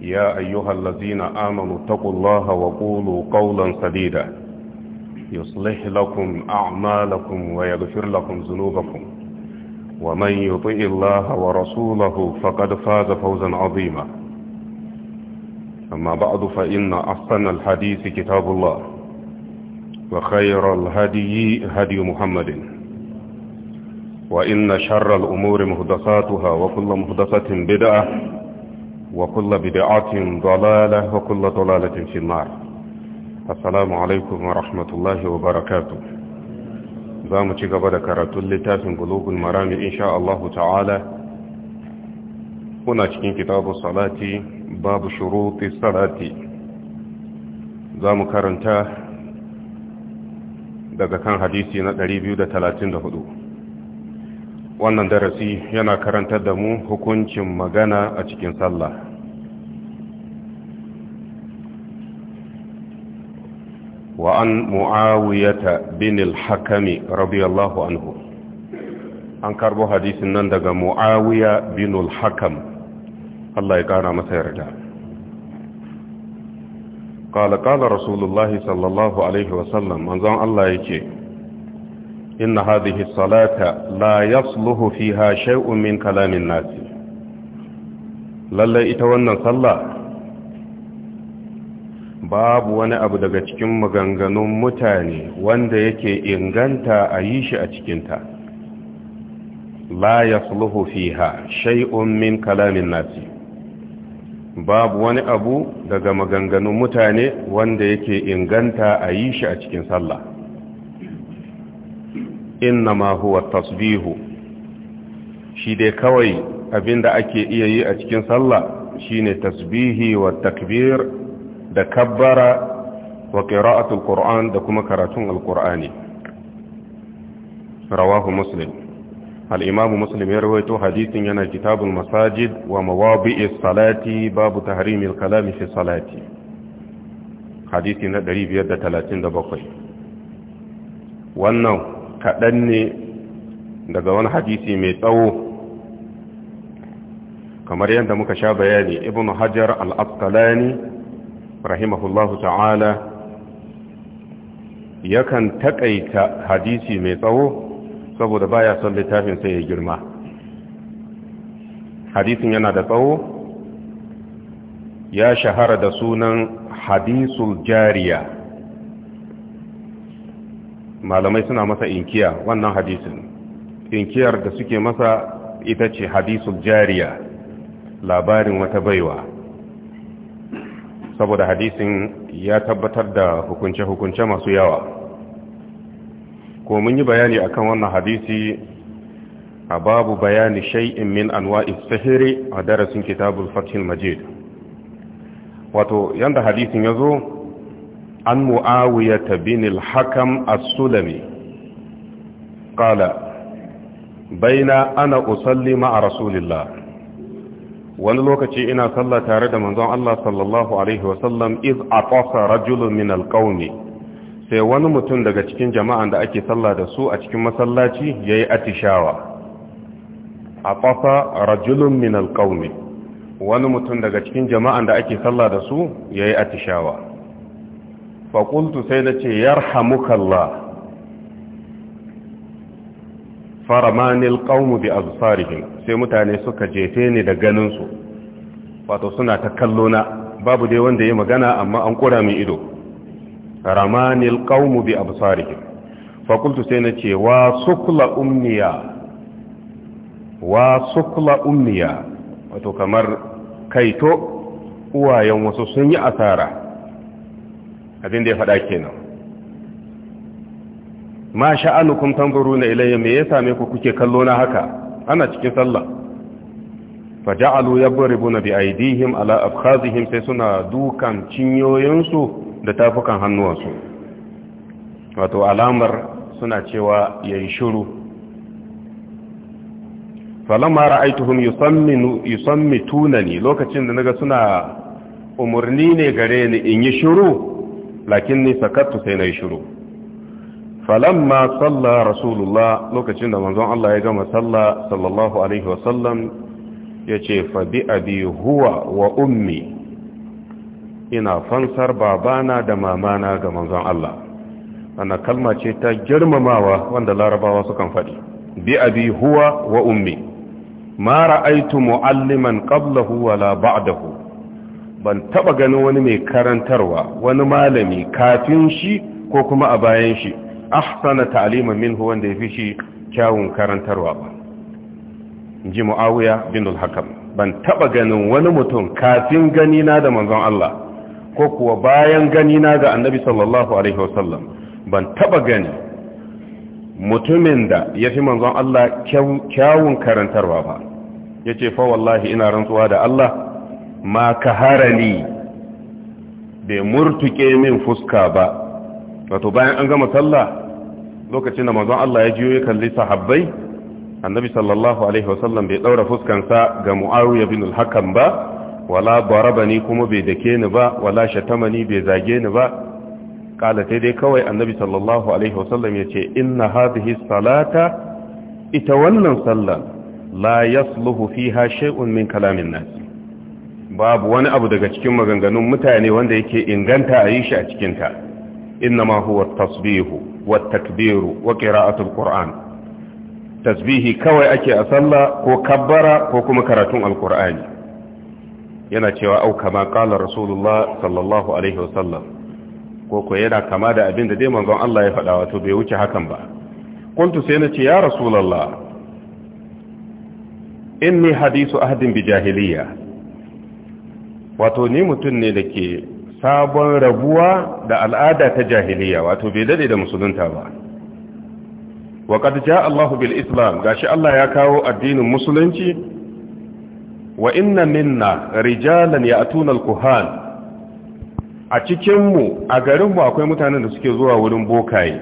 يا أيها الذين آمنوا اتقوا الله وقولوا قولا سديدا يصلح لكم أعمالكم ويغفر لكم ذنوبكم ومن يطع الله ورسوله فقد فاز فوزا عظيما أما بعد فإن أحسن الحديث كتاب الله وخير الهدي هدي محمد وإن شر الأمور مهدساتها وكل مهدسة بدعة وكل بدعة ضلالة وكل ضلالة في النار السلام عليكم ورحمة الله وبركاته زام تشيغبا ذكرت لتاف قلوب المرام إن شاء الله تعالى هنا تشكين كتاب الصلاة باب شروط الصلاة زام كرنتا daga kan hadisi na 234 wannan darasi yana karantar da mu hukuncin magana a cikin sallah wa an mu'awiyata bin hakami radiyallahu anhu an karbo hadisin nan daga mu'awiya binul hakam Allah ya kara masa yarda قال قال رسول الله صلى الله عليه وسلم منظم الله يكي إن هذه الصلاة لا يصلح فيها شيء من كلام الناس lallai ita wannan sallah babu wani abu daga cikin maganganun mutane wanda yake inganta a yi shi a cikinta la ya sulhu fiha shay'un min kalamin nasi babu wani abu daga maganganun mutane wanda yake inganta a yi shi a cikin sallah innama huwa tasbihu shi dai kawai abinda ake iya yi a cikin sallah shine tasbihi wa takbir da kabbara wa qira'atul qur'an da kuma karatun alqur'ani rawahu muslim al-imam muslim ya rawaito hadithin yana kitabul masajid wa mawadi'is salati babu tahrimil kalam fi salati hadithi na 537 wannan kaɗan ne daga wani hadisi mai tsawo kamar yadda muka sha bayani ibn hajar al-asqalani rahimahullahu ta'ala yakan taƙaita hadisi mai tsawo saboda baya son littafin sai ya girma hadisin yana da tsawo ya shahara da sunan hadisul jariya malamai suna masa inkiya wannan hadisin inkiyar da suke masa ita ce hadisul jariya labarin wata baiwa saboda hadisin ya tabbatar da hukunce-hukunce masu yawa ko mun yi bayani akan wannan hadisi a babu bayani shay'in min anwa'i sahiri a darasin kitabul fathil majid wato yanda hadisin ya zo عن معاوية بن الحكم السلمي قال بين أنا أصلي مع رسول الله wani lokaci ina sallah tare da manzon Allah sallallahu alaihi wasallam iz atasa rajulun min sai wani mutum daga cikin jama'an da ake sallah da su a cikin masallaci yayi atishawa atasa rajulun min alqaumi wani mutum daga cikin jama'an da ake sallah da su yayi atishawa faƙultu sai na ce yarhamukallah faramanil ƙaunu bi azfarihim sai mutane suka jefe ni da ganinsu wato suna ta kallona babu dai wanda ya magana amma an ƙura mai ido ramanil ƙaunu bi azfarihim faƙultu sai na ce wa sukula umniya wa sukula umniya wato kamar kaito uwayen wasu sun yi asara abin da ya faɗa kenan ma tambaru na ilayya me ya same ku kuke kallo na haka ana cikin sallah Fa faja'alu yabribuna bi aydihim ala afkhazihim sai suna dukan cinyoyinsu da tafukan hannuwansu wato alamar suna cewa yayi shiru falamma ra'aytuhum yusamminu yusammitunani lokacin da naga suna umarni ne gare ni in yi shiru lakin ni sakattu sai na yi shiru falamma salla rasulullah lokacin da manzon Allah ya gama salla sallallahu alaihi wasallam ya ce fabi abi huwa wa ummi ina fansar babana da mamana ga manzon Allah ana kalma ce ta girmamawa wanda larabawa sukan faɗi bi abi huwa wa ummi ma ra'aytu mu'alliman qablahu wala ba'dahu ban taba ganin wani mai karantarwa wani malami kafin shi ko kuma a bayan shi ahsana ta'liman minhu wanda yafi shi kyawun karantarwa ba inji muawiya bin al-hakam ban taba ganin wani mutum kafin gani na da manzon Allah ko kuwa bayan gani na ga annabi sallallahu alaihi wasallam ban taba gani mutumin da yafi manzon Allah kyawun karantarwa ba yace fa wallahi ina rantsuwa da Allah ma ka ni? bai murtuke min fuska ba wato bayan an gama sallah lokacin da manzon Allah ya jiyo ya kalli sahabbai annabi sallallahu alaihi wasallam bai daura fuskansa ga muawiya bin al-hakam ba wala barabani kuma bai dake ni ba wala shatamani bai zage ni ba kala sai dai kawai annabi sallallahu alaihi wasallam ya ce inna hadhihi salata ita wannan sallah la yasluhu fiha shay'un min kalamin nas babu wani abu daga cikin maganganun mutane wanda yake inganta a yi shi a cikinta innama huwa tasbihu wa takbiru wa qira'atul qur'an tasbihi kawai ake a sallah ko kabbara ko kuma karatun alqur'ani yana cewa au kama qala rasulullah sallallahu alaihi wasallam ko ko yana kama da abin da dai manzon Allah ya faɗa wato bai wuce hakan ba kuntu sai nace ya rasulullah inni hadisu ahdin bi jahiliya wato ni mutum ne da ke sabon rabuwa da al'ada ta jahiliya wato bai dade da musulunta ba wa qad jaa Allahu bil islam gashi Allah ya kawo addinin musulunci wa inna minna rijalan ya'tuna al kuhan a cikin mu a garin mu akwai mutanen da suke zuwa wurin bokaye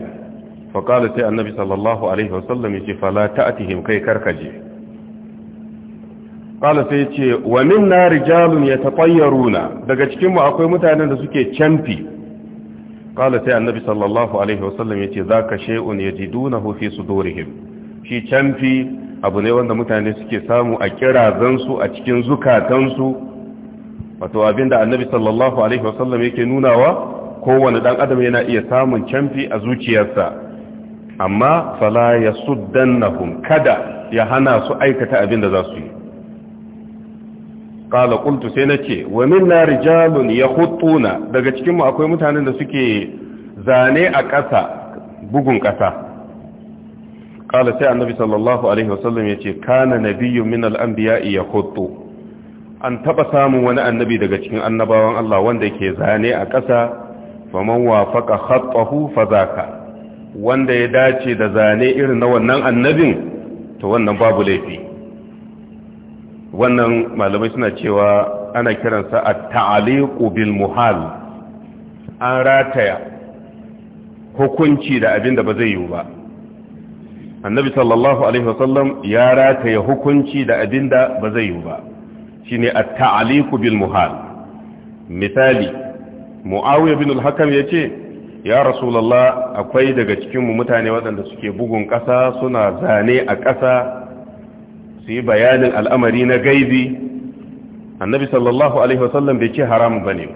fa sai annabi sallallahu alaihi wasallam yace fala ta'tihim kai karkaje qala sai ce wa na rijalun yatatayyaruna daga cikin akwai mutanen da suke canfi qala sai annabi sallallahu alaihi wasallam yace zaka shay'un yajidunahu fi sudurihim shi canfi abu ne wanda mutane suke samu a kirazansu a cikin zukatansu wato abinda annabi sallallahu alaihi wasallam yake nunawa kowane dan adam yana iya samun canfi a zuciyarsa amma fala yasuddannahum kada ya hana su aikata abinda za su yi Ƙala qultu sai nace wa minna rijalun yakhutuna daga cikin mu akwai mutanen da suke zane a ƙasa bugun ƙasa qala sai annabi sallallahu alaihi wasallam yace kana nabiyyu min al-anbiya'i yakhuttu an taba samun wani annabi daga cikin annabawan Allah wanda yake zane a ƙasa faman wafaqa khattahu fadhaka wanda ya dace da zane irin na wannan annabin to wannan babu laifi wannan malamai suna cewa ana kiransa a ta'aliku bil muhal an rataya hukunci da abin da ba zai yiwu ba annabi sallallahu alaihi wasallam ya rataya hukunci da abin da ba zai yiwu ba shine a ta'aliku bil muhal misali muawiya bin al-hakam yace ya rasulullah akwai daga cikin mu mutane waɗanda suke bugun ƙasa suna zane a ƙasa su yi bayanin al'amari na gaibi annabi sallallahu alaihi wasallam bai ce haramun ba ne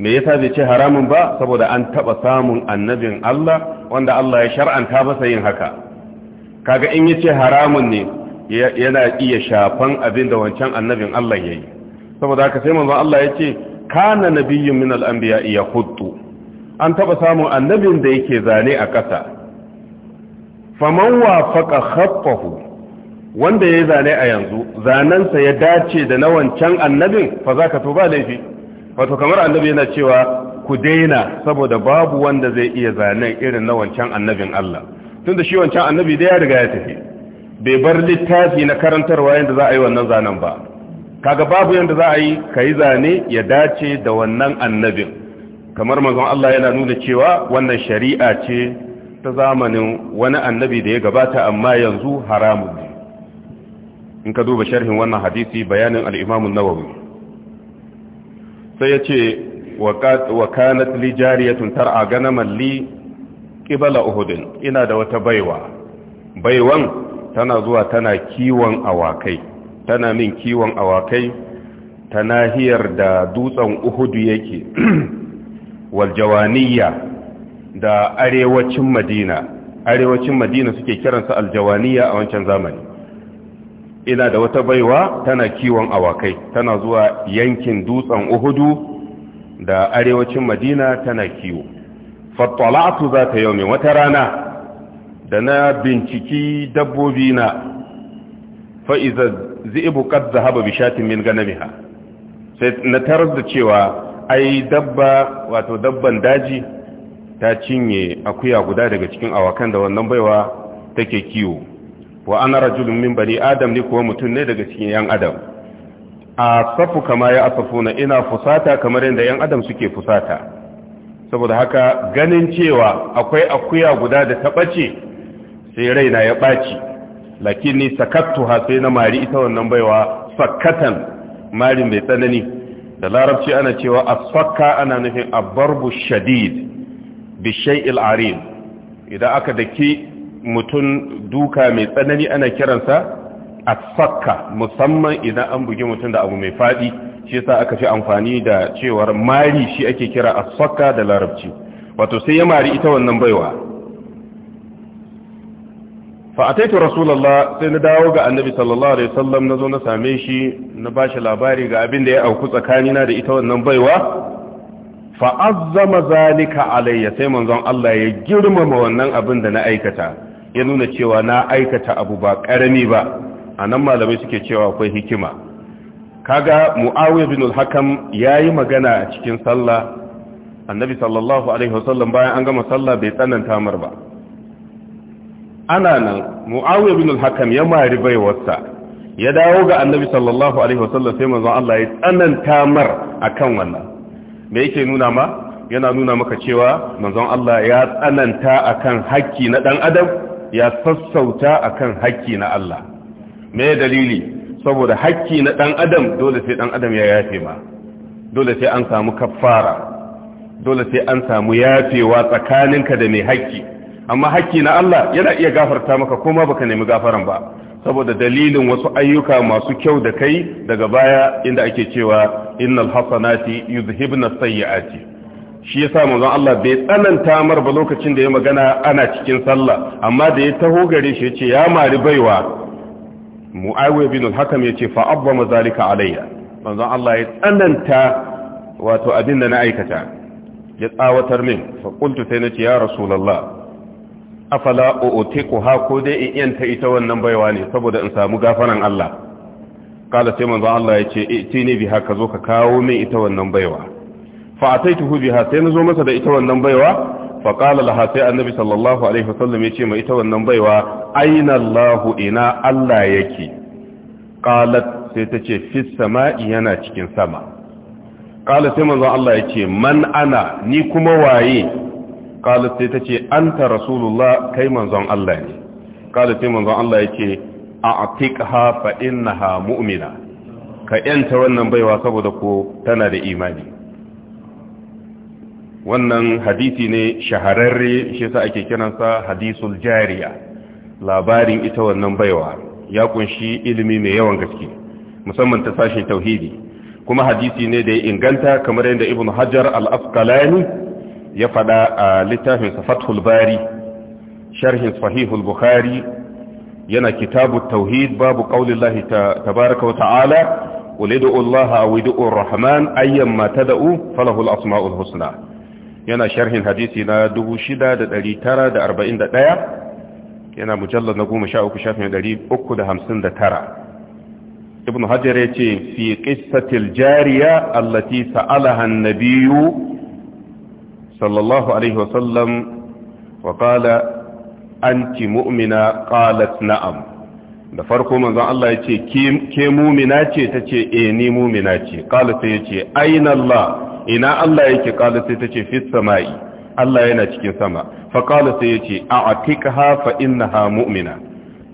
me yasa bai ce haramun ba saboda an taba samun annabin Allah wanda Allah ya shar'anta masa yin haka kaga in yace haramun ne yana iya shafan abin da wancan annabin Allah yayi saboda haka sai manzon Allah yace kana nabiyyun min al-anbiya yakhuddu an taba samun annabin da yake zane a ƙasa faman wafaqa khaffahu wanda ya yi zane a yanzu zanensa ya dace da na wancan annabin fa za ka to ba laifi wato kamar annabi yana cewa ku daina saboda babu wanda zai iya zanen irin na wancan annabin Allah tun da shi wancan annabi da ya riga ya tafi bai bar littafi na karantarwa yadda za a yi wannan zanen ba kaga babu yadda za a yi ka yi zane ya dace da wannan annabin kamar manzon Allah yana nuna cewa wannan shari'a ce ta zamanin wani annabi da ya gabata amma yanzu haramun ne in ka duba sharhin wannan hadisi bayanin al-Imam an-Nawawi sai yace wa kanat li jariyatun tar'a ganaman li qibala uhud ina da wata baiwa baiwan tana zuwa tana kiwon awakai tana min kiwon awakai ta nahiyar da dutsen uhud yake wal jawaniya da arewacin madina arewacin madina suke kiransa aljawaniya a wancan zamani ina da wata baiwa tana kiwon awakai tana zuwa yankin dutsen uhudu da arewacin madina tana kiwo fattala'atu za ta yau mai wata rana da na binciki dabbobi na fa'iza zibu kad zahaba bishatin min ganamiha sai na tarar da cewa ai dabba wato dabban daji ta cinye akuya guda daga cikin awakan da wannan baiwa take kiwo wa ana rajulun min bani adam ni kuwa mutum ne daga cikin yan adam a safu kama ya asafuna ina fusata kamar yadda yan adam suke fusata saboda haka ganin cewa akwai akuya guda da ta ɓace sai na ya ɓaci lakini sakattu ha sai na mari ita wannan baiwa sakatan mari mai tsanani da larabci ana cewa a asfakka ana nufin a barbu shadid bishai arid idan aka daki mutum duka mai tsanani ana kiransa a sakka musamman idan an bugi mutum da abu mai faɗi shi yasa aka fi amfani da cewar mari shi ake kira a sakka da larabci wato sai ya mari ita wannan baiwa fa'ataitu rasulallah sai na dawo ga annabi sallallahu alaihi wasallam na zo na same shi na ba shi labari ga abin da ya auku tsakanina da ita wannan baiwa fa'azzama zalika alayya sai manzon Allah ya girmama wannan abin da na aikata ya nuna cewa na aikata abu ba ƙarami ba a nan malamai suke cewa akwai hikima kaga mu'awiyar bin al-hakam ya yi magana a cikin sallah annabi sallallahu alaihi wasallam bayan an gama sallah bai tsananta mar ba ana nan mu'awiyar bin al-hakam ya mari baiwarsa ya dawo ga annabi sallallahu alaihi wasallam sai manzon Allah ya tsananta mar akan wannan me yake nuna ma yana nuna maka cewa manzon Allah ya tsananta akan haƙƙi na dan adam ya sassauta a kan hakki na Allah me dalili saboda hakki na ɗan adam dole sai ɗan adam ya yafe ma dole sai an samu kaffara dole sai an samu yafewa tsakaninka da mai hakki amma hakki na Allah yana iya gafarta maka kuma baka nemi gafaran ba saboda dalilin wasu ayyuka masu kyau da kai daga baya inda ake cewa innal hasanati yuzhibna sayyi'ati shi yasa manzon Allah bai tsananta mar ba lokacin da ya magana ana cikin sallah amma da ya taho gare shi yace ya mari baiwa muawiya bin al-hakam yace fa abba zalika alayya manzon Allah ya tsananta wato abin da na aikata ya tsawatar min fa qultu sai nace ya rasulullah afala u'tiqu ha ko dai in yanta ita wannan baiwa ne saboda in samu gafaran Allah kala sai manzon Allah yace itini bi haka zo ka kawo min ita wannan baiwa fa ataituhu biha sai nazo masa da ita wannan baiwa fa qala laha sai annabi sallallahu alaihi wasallam yace mai ita wannan baiwa aina ina allah yake qalat sai tace fis sama'i yana cikin sama qala sai manzo allah yace man ana ni kuma waye qalat sai tace anta rasulullah kai manzon allah ne qala sai manzon allah yace a'tiqha fa innaha mu'mina ka yanta wannan baiwa saboda ko tana da imani wannan hadisi ne shahararre shi yasa ake kiransa hadisul jariya labarin ita wannan baiwa ya kunshi ilimi mai yawan gaske musamman ta sashin tauhidi kuma hadisi ne da ya inganta kamar yadda ibn hajar al-asqalani ya faɗa a littafin fathul bari sharhin sahihul bukhari yana kitabu tauhid babu qaulillahi tabaaraka wa ta'ala qul allaha aw ud'u ar-rahman ayyamma tad'u falahu al-asma'ul husna yana sharhin hadisi na 6941 yana mujallar na 13 shafin 359 ibn hajjar ya ce fi ƙistatil jariya allati sa'alahan nabiyu sallallahu alaihi wasallam wa ƙala an ci mu'mina ƙalat na'am da farko manzon Allah ya ce ke mumina ce ta ce e ni mumina ce ƙala sai ya ce ainihin Allah ina Allah yake kala sai ce fit sama'i Allah yana cikin sama fa kala sai yace a'tiqha fa ha mu'mina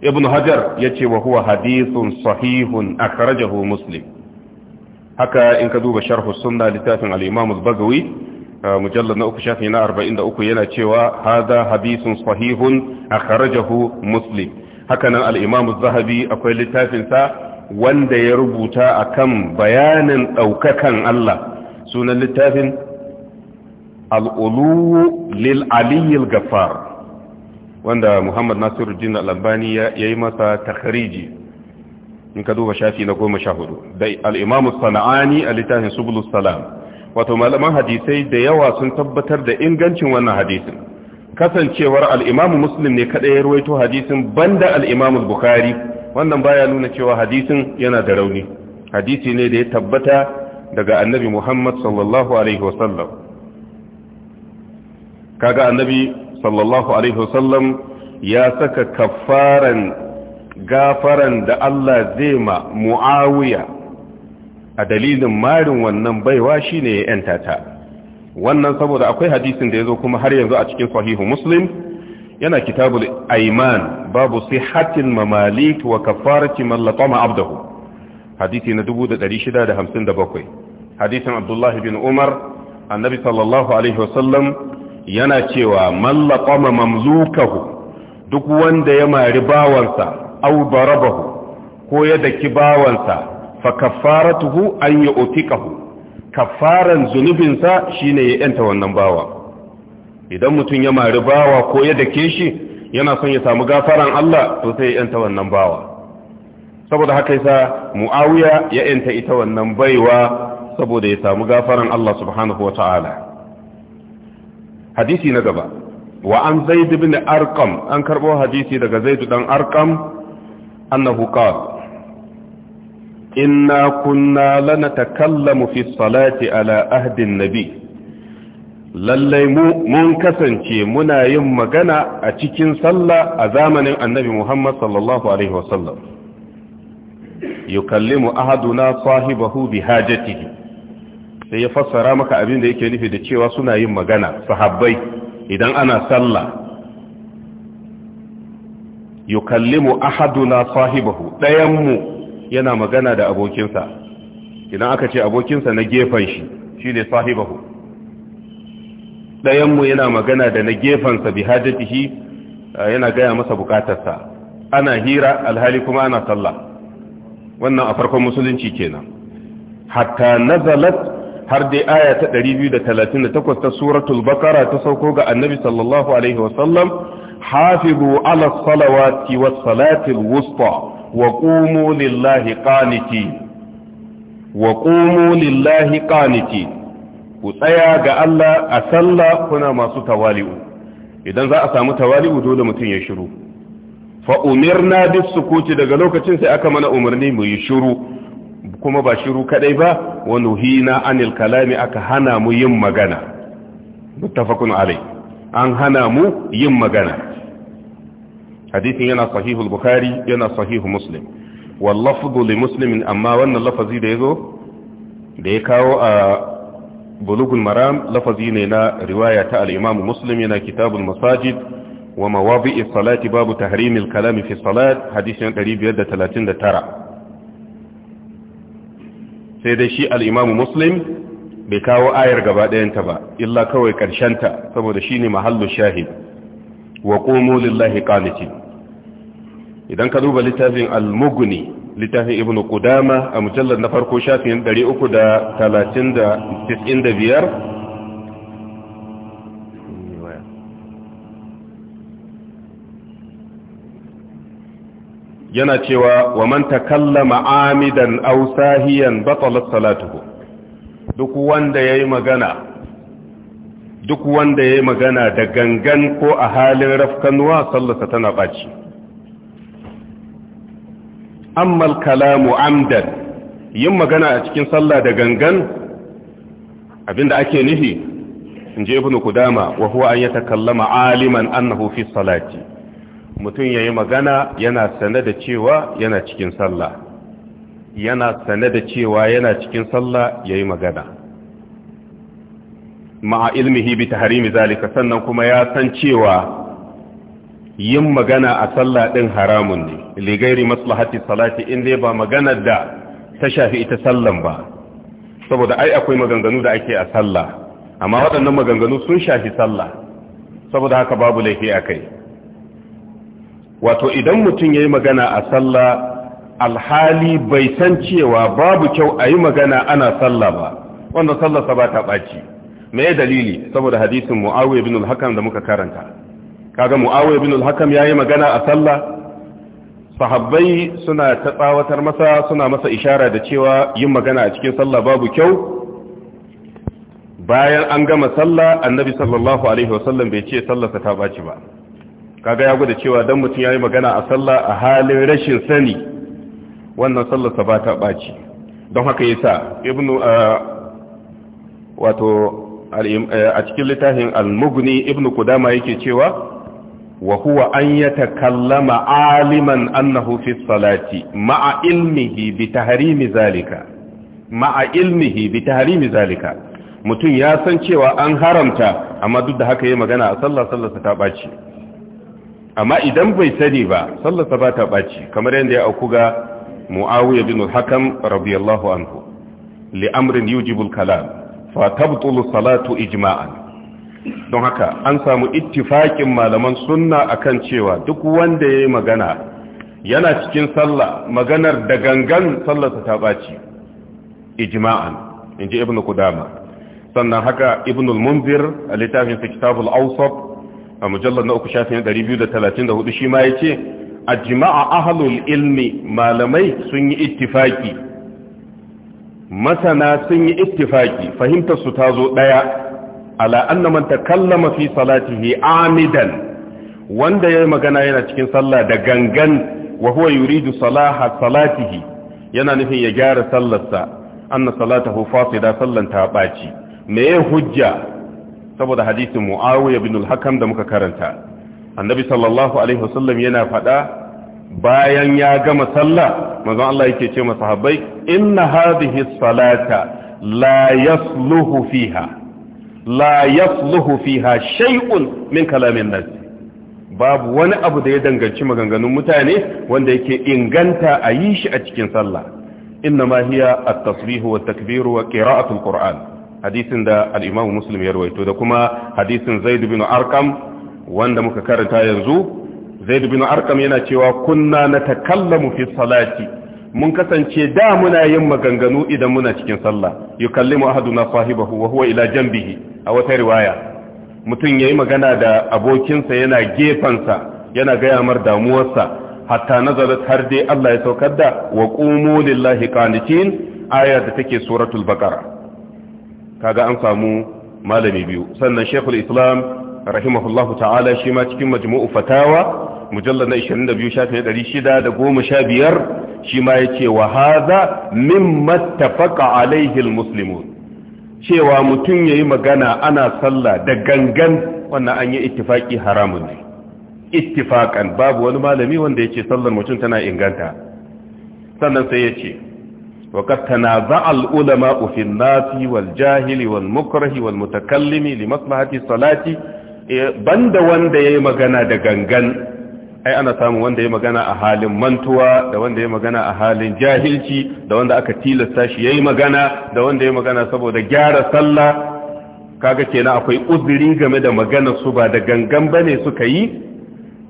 ibn hajar ya ce wa huwa hadithun sahihun akhrajahu muslim haka in ka duba sharhu sunna littafin al-imam bagawi uh, na uku shafi na uku yana cewa hadha hadithun sahihun akhrajahu muslim hakanan nan zahabi akwai littafin sa wanda ya rubuta akan bayanin ɗaukakan Allah sunan littafin al'ulu lil'aliyyar gafar wanda muhammad nasiru jin al'albani ya yi masa takhariji in ka duba shafi na goma sha hudu da al'imamu sana'ani a littafin subulus salam wato malaman hadisai da yawa sun tabbatar da ingancin wannan hadisin kasancewar al'imamu muslim ne kaɗai ya ruwaito hadisin banda al'imamu bukari wannan baya nuna cewa hadisin yana da rauni hadisi ne da ya tabbata daga annabi Muhammad sallallahu alaihi wasallam kaga annabi sallallahu alaihi wasallam ya saka kafaran gafaran da Allah zai ma Muawiya a dalilin marin wannan baiwa shine ya yanta ta wannan saboda akwai hadisin da ya zo kuma har yanzu a cikin sahihu Muslim yana kitabul aiman babu sihatin mamalik wa kafarati man latama abdahu hadisi na 657 hadisin abdullahi bin umar annabi sallallahu alaihi wasallam yana cewa mallaqama mamzukahu duk wanda ya mari bawansa aw darabahu ko ya daki bawansa fa kaffaratuhu an yu'tikahu kaffaran zunubinsa shine ya yanta wannan bawa idan mutum ya mari bawa ko ya dake shi yana son ya samu gafaran Allah to sai ya yanta wannan bawa saboda haka yasa muawiya ya yanta ita wannan baiwa saboda ya samu gafaran Allah subhanahu wa ta'ala hadisi na gaba wa an zaid ibn arqam an karbo hadisi daga zaid dan arqam annahu qala inna kunna lanatakallamu fi salati ala ahdi nabi lallai mu mun kasance muna yin magana a cikin sallah a zamanin annabi Muhammad sallallahu alaihi wasallam yukallimu ahaduna sahibahu bi hajatihi sai ya fassara maka abin da yake nufi da cewa suna yin magana sahabbai idan ana sallah yukallimu ahaduna sahibahu dayanmu yana magana da abokinsa idan aka ce abokinsa na gefen shi shine sahibahu dayanmu yana magana da na gefensa bi hajatihi yana gaya masa bukatarsa ana hira alhali kuma ana sallah wannan a farkon musulunci kenan hatta nazalat har dai aya ta 238 ta suratul bakara ta sauko ga annabi sallallahu alaihi wasallam hafizu ala salawati was salatil wusta wa qumu lillahi qaniti wa qumu lillahi qanitin ku tsaya ga Allah a sallah kuna masu tawali'u idan za a samu tawali'u dole mutum ya shiru fa umirna bis sukuti daga lokacin sai aka mana umarni mu yi shiru kuma ba shiru kadai ba wa nuhina anil kalami aka hana mu yin magana muttafaqun alai an hana mu yin magana hadisin yana sahihul bukhari yana sahihu muslim wal lafzu li muslimin amma wannan lafazi da yazo da ya kawo a bulugul maram lafazi ne na riwaya ta al-imam muslim yana kitabul masajid wa mawadi'i salati babu tahrimil kalami fi salat hadisin 539 sai dai shi al-imamu muslim bai kawo ayar gaba ɗayanta ba illa kawai ta saboda shine mahallu shahid wa qumu lillahi qanitin idan ka duba littafin al littafin Ibn qudama a mujallar na farko shafin 335 yana cewa wa man takallama amidan aw sahiyan batalat salatuhu duk wanda yayi magana duk wanda yayi magana da gangan ko a halin rafkanuwa sallarsa tana baci amma al-kalamu amdan yin magana a cikin sallah da gangan abinda ake nufi inji ibnu kudama wa huwa an yatakallama aliman annahu fi salati mutum ya yi magana yana sane da cewa yana cikin sallah yana sane da cewa yana cikin sallah ya yi magana ma'a ilmihi bi tahrimi zalika sannan kuma ya san cewa yin magana a sallah ɗin haramun ne ligairi maslahati salati in dai ba magana da ta shafi ita sallan ba saboda ai akwai maganganu da ake a sallah amma waɗannan maganganu sun shafi sallah saboda haka babu laifi a kai wato idan mutum ya yi magana a sallah alhali bai san cewa babu kyau a yi magana ana sallah ba wanda sallarsa ba ta ɓaci me dalili saboda hadisin mu'awiyar bin al-hakam da muka karanta kaga mu'awiyar bin al-hakam ya yi magana a sallah sahabbai suna ta tsawatar masa suna masa ishara da cewa yin magana a cikin sallah babu kyau bayan an gama sallah annabi sallallahu alaihi wasallam bai ce sallarsa ta ɓaci ba kaga ya gwada cewa dan mutum yi magana a sallah a halin rashin sani wannan sallarsa ba ta baci don haka yasa ibnu wato a cikin littafin al-mughni ibnu qudama yake cewa wa huwa an yatakallama aliman annahu fi salati ma'a ilmihi bi tahrimi zalika ma'a ilmihi bi tahrimi zalika mutum ya san cewa an haramta amma duk da haka yayi magana a sallah sallarsa ta baci amma idan bai sani ba sallarsa ba ta ɓaci kamar yadda ya auku ga mu'awiyar bin hakan rabiyallahu anhu li'amrin yujibul kalam fa tabtulu salatu ijma'an don haka an samu ittifakin malaman sunna akan cewa duk wanda ya yi magana yana cikin sallah maganar da gangan sallarsa ta ɓaci ijma'an inji ibnu kudama sannan haka ibnu al-munzir a littafin kitabul awsat a mujallar na uku shafin 234 shi ma ya ce a jima'a ahalul ilmi malamai sun yi ittifaki masana sun yi ittifaki fahimtarsu ta zo ɗaya ala anna ta kallama fi salatihi amidan wanda yayi magana yana cikin sallah da gangan wa huwa yuridu salaha salatihi yana nufin ya gyara sallarsa anna salatahu fasida sallan ta ɓaci. me hujja saboda hadisin muawiya bin al-hakam da muka karanta annabi sallallahu alaihi wasallam yana fada bayan ya gama sallah manzon Allah yake ce masa sahabbai inna hadhihi salata la yasluhu fiha la yasluhu fiha shay'un min kalamin nas babu wani abu da ya danganci maganganun mutane wanda yake inganta a yi shi a cikin sallah inna ma hiya at-tasbihu wat-takbiru wa qira'atul qur'an hadisin da al'imamu musulmi ya rawaito da kuma hadisin zaid bin arkam wanda muka karanta yanzu zaid bin arkam yana cewa kunna na takallamu fi salati mun kasance da muna yin maganganu idan muna cikin sallah yukallimu ahaduna sahibahu wa huwa ila bihi a wata riwaya mutum yayi magana da abokinsa yana gefansa yana gaya mar damuwarsa hatta nazarat har dai Allah ya saukar da wa qumu lillahi qanitin aya da take suratul baqara kaga an samu malami biyu sannan shekul islam rahimahullahu ta'ala shi ma cikin majmu'u fatawa mujallar na 22 shafin 615 shi ma ya ce wa haza mimma tafaka alaihil muslimun cewa mutum ya yi magana ana sallah da gangan wannan an yi ittifaki haramun ne ittifakan babu wani malami wanda ya ce sallar mutum tana inganta sannan sai ya ce وقد تنازع العلماء في الناس والجاهل والمكره والمتكلم لمصلحة الصلاة بند وند da دغنغن ai ana samun wanda ya magana a halin mantuwa da wanda ya magana a halin jahilci da wanda aka tilasta shi yayi magana da wanda ya magana saboda gyara sallah kaga kenan akwai uzuri game da magana su ba da gangan ba ne suka yi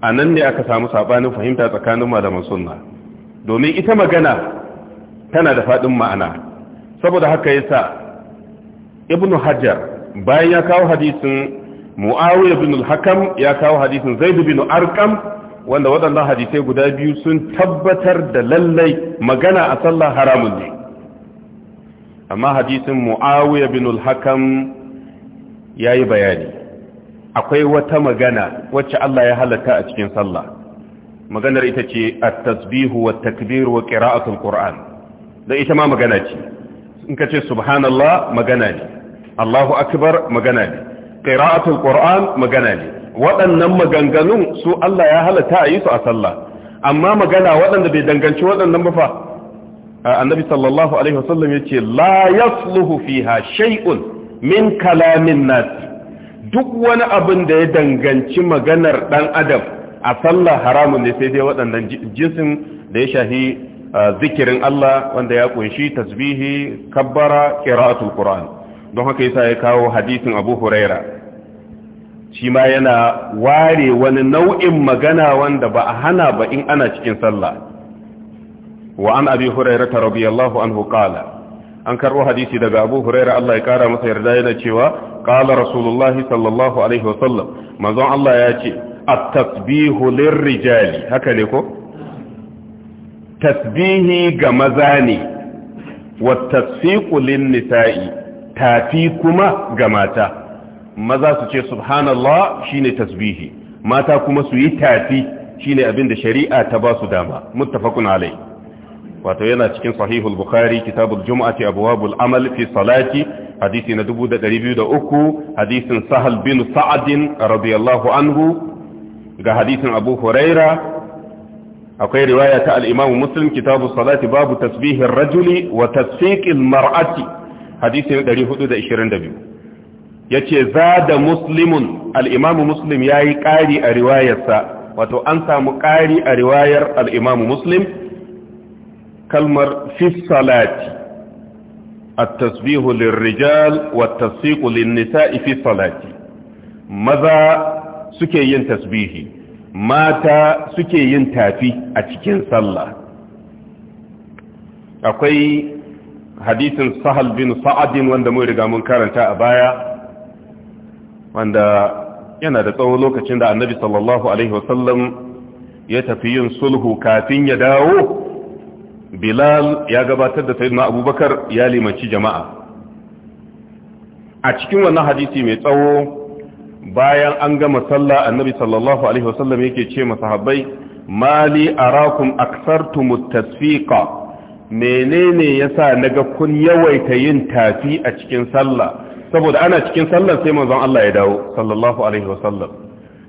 anan ne aka samu sabanin fahimta tsakanin malaman sunna domin ita magana tana da faɗin ma'ana saboda haka yasa ibnu hajar bayan ya kawo hadisin muawiya bin al-hakam ya kawo hadisin zaid bin arqam wanda waɗannan hadisai guda biyu sun tabbatar da lallai magana a sallah haramun ne amma hadisin muawiya bin al-hakam yayi bayani akwai wata magana wacce Allah ya halatta a cikin sallah maganar ita ce at-tasbihu wat-takbir wa qira'atul qur'an da ita ma magana ce in ka ce subhanallah magana ne Allahu akbar magana ne qira'atul qur'an magana ne waɗannan maganganun su Allah ya halatta a yi su a sallah amma magana waɗanda bai danganci waɗannan ba fa annabi sallallahu alaihi wasallam yace la yasluhu fiha shai'un min kalamin nas duk wani abin da ya danganci maganar dan adam a sallah haramun ne sai dai waɗannan jinsin da ya shahi zikirin Allah wanda ya kunshi tasbihi kabbara qira'atul qur'an don haka yasa ya kawo hadisin Abu Huraira shi ma yana ware wani nau'in magana wanda ba a hana ba in ana cikin sallah wa an abi hurairah radiyallahu anhu qala an karbo hadisi daga abu huraira Allah ya kara masa yarda yana cewa qala rasulullahi sallallahu alaihi sallam manzon Allah ya ce at-tasbihu lirrijali haka ne ko tasbihi ga maza ne wa tasfiqu lin nisa'i tafi kuma ga mata maza su ce subhanallah shine tasbihi mata kuma su yi tafi shine abin da shari'a ta ba su dama muttafaqun alai wato yana cikin sahihul bukhari kitabul jum'ati abwabul amal fi salati hadisi na uku hadisin sahal bin sa'ad radiyallahu anhu ga hadisin abu huraira akwai riwaya ta al Muslim kitabu salati babu tasbihin rajuli wa tasfiqil mar'ati hadisi 422 ce zada muslimun al'imam muslim ya yayi ƙari a riwayarsa wato an samu ƙari a riwayar al Muslim kalmar fi salati التسبيح wa والتصفيق للنساء في الصلاة maza suke yin tasbihi mata suke yin tafi a cikin sallah akwai hadisin sahal bin sa'adin wanda mu riga mun karanta a baya wanda yana da tsawon lokacin da annabi sallallahu alaihi wasallam ya tafi yin sulhu kafin ya dawo bilal ya gabatar da sayyidina abubakar ya limanci jama'a a cikin wannan hadisi mai tsawo bayan an gama sallah annabi sallallahu alaihi wasallam yake ce masahabbai mali arakum aksartum tasfiqa menene yasa naga kun yawaita yin tafi a cikin sallah saboda ana cikin sallah sai manzon Allah ya dawo sallallahu alaihi wasallam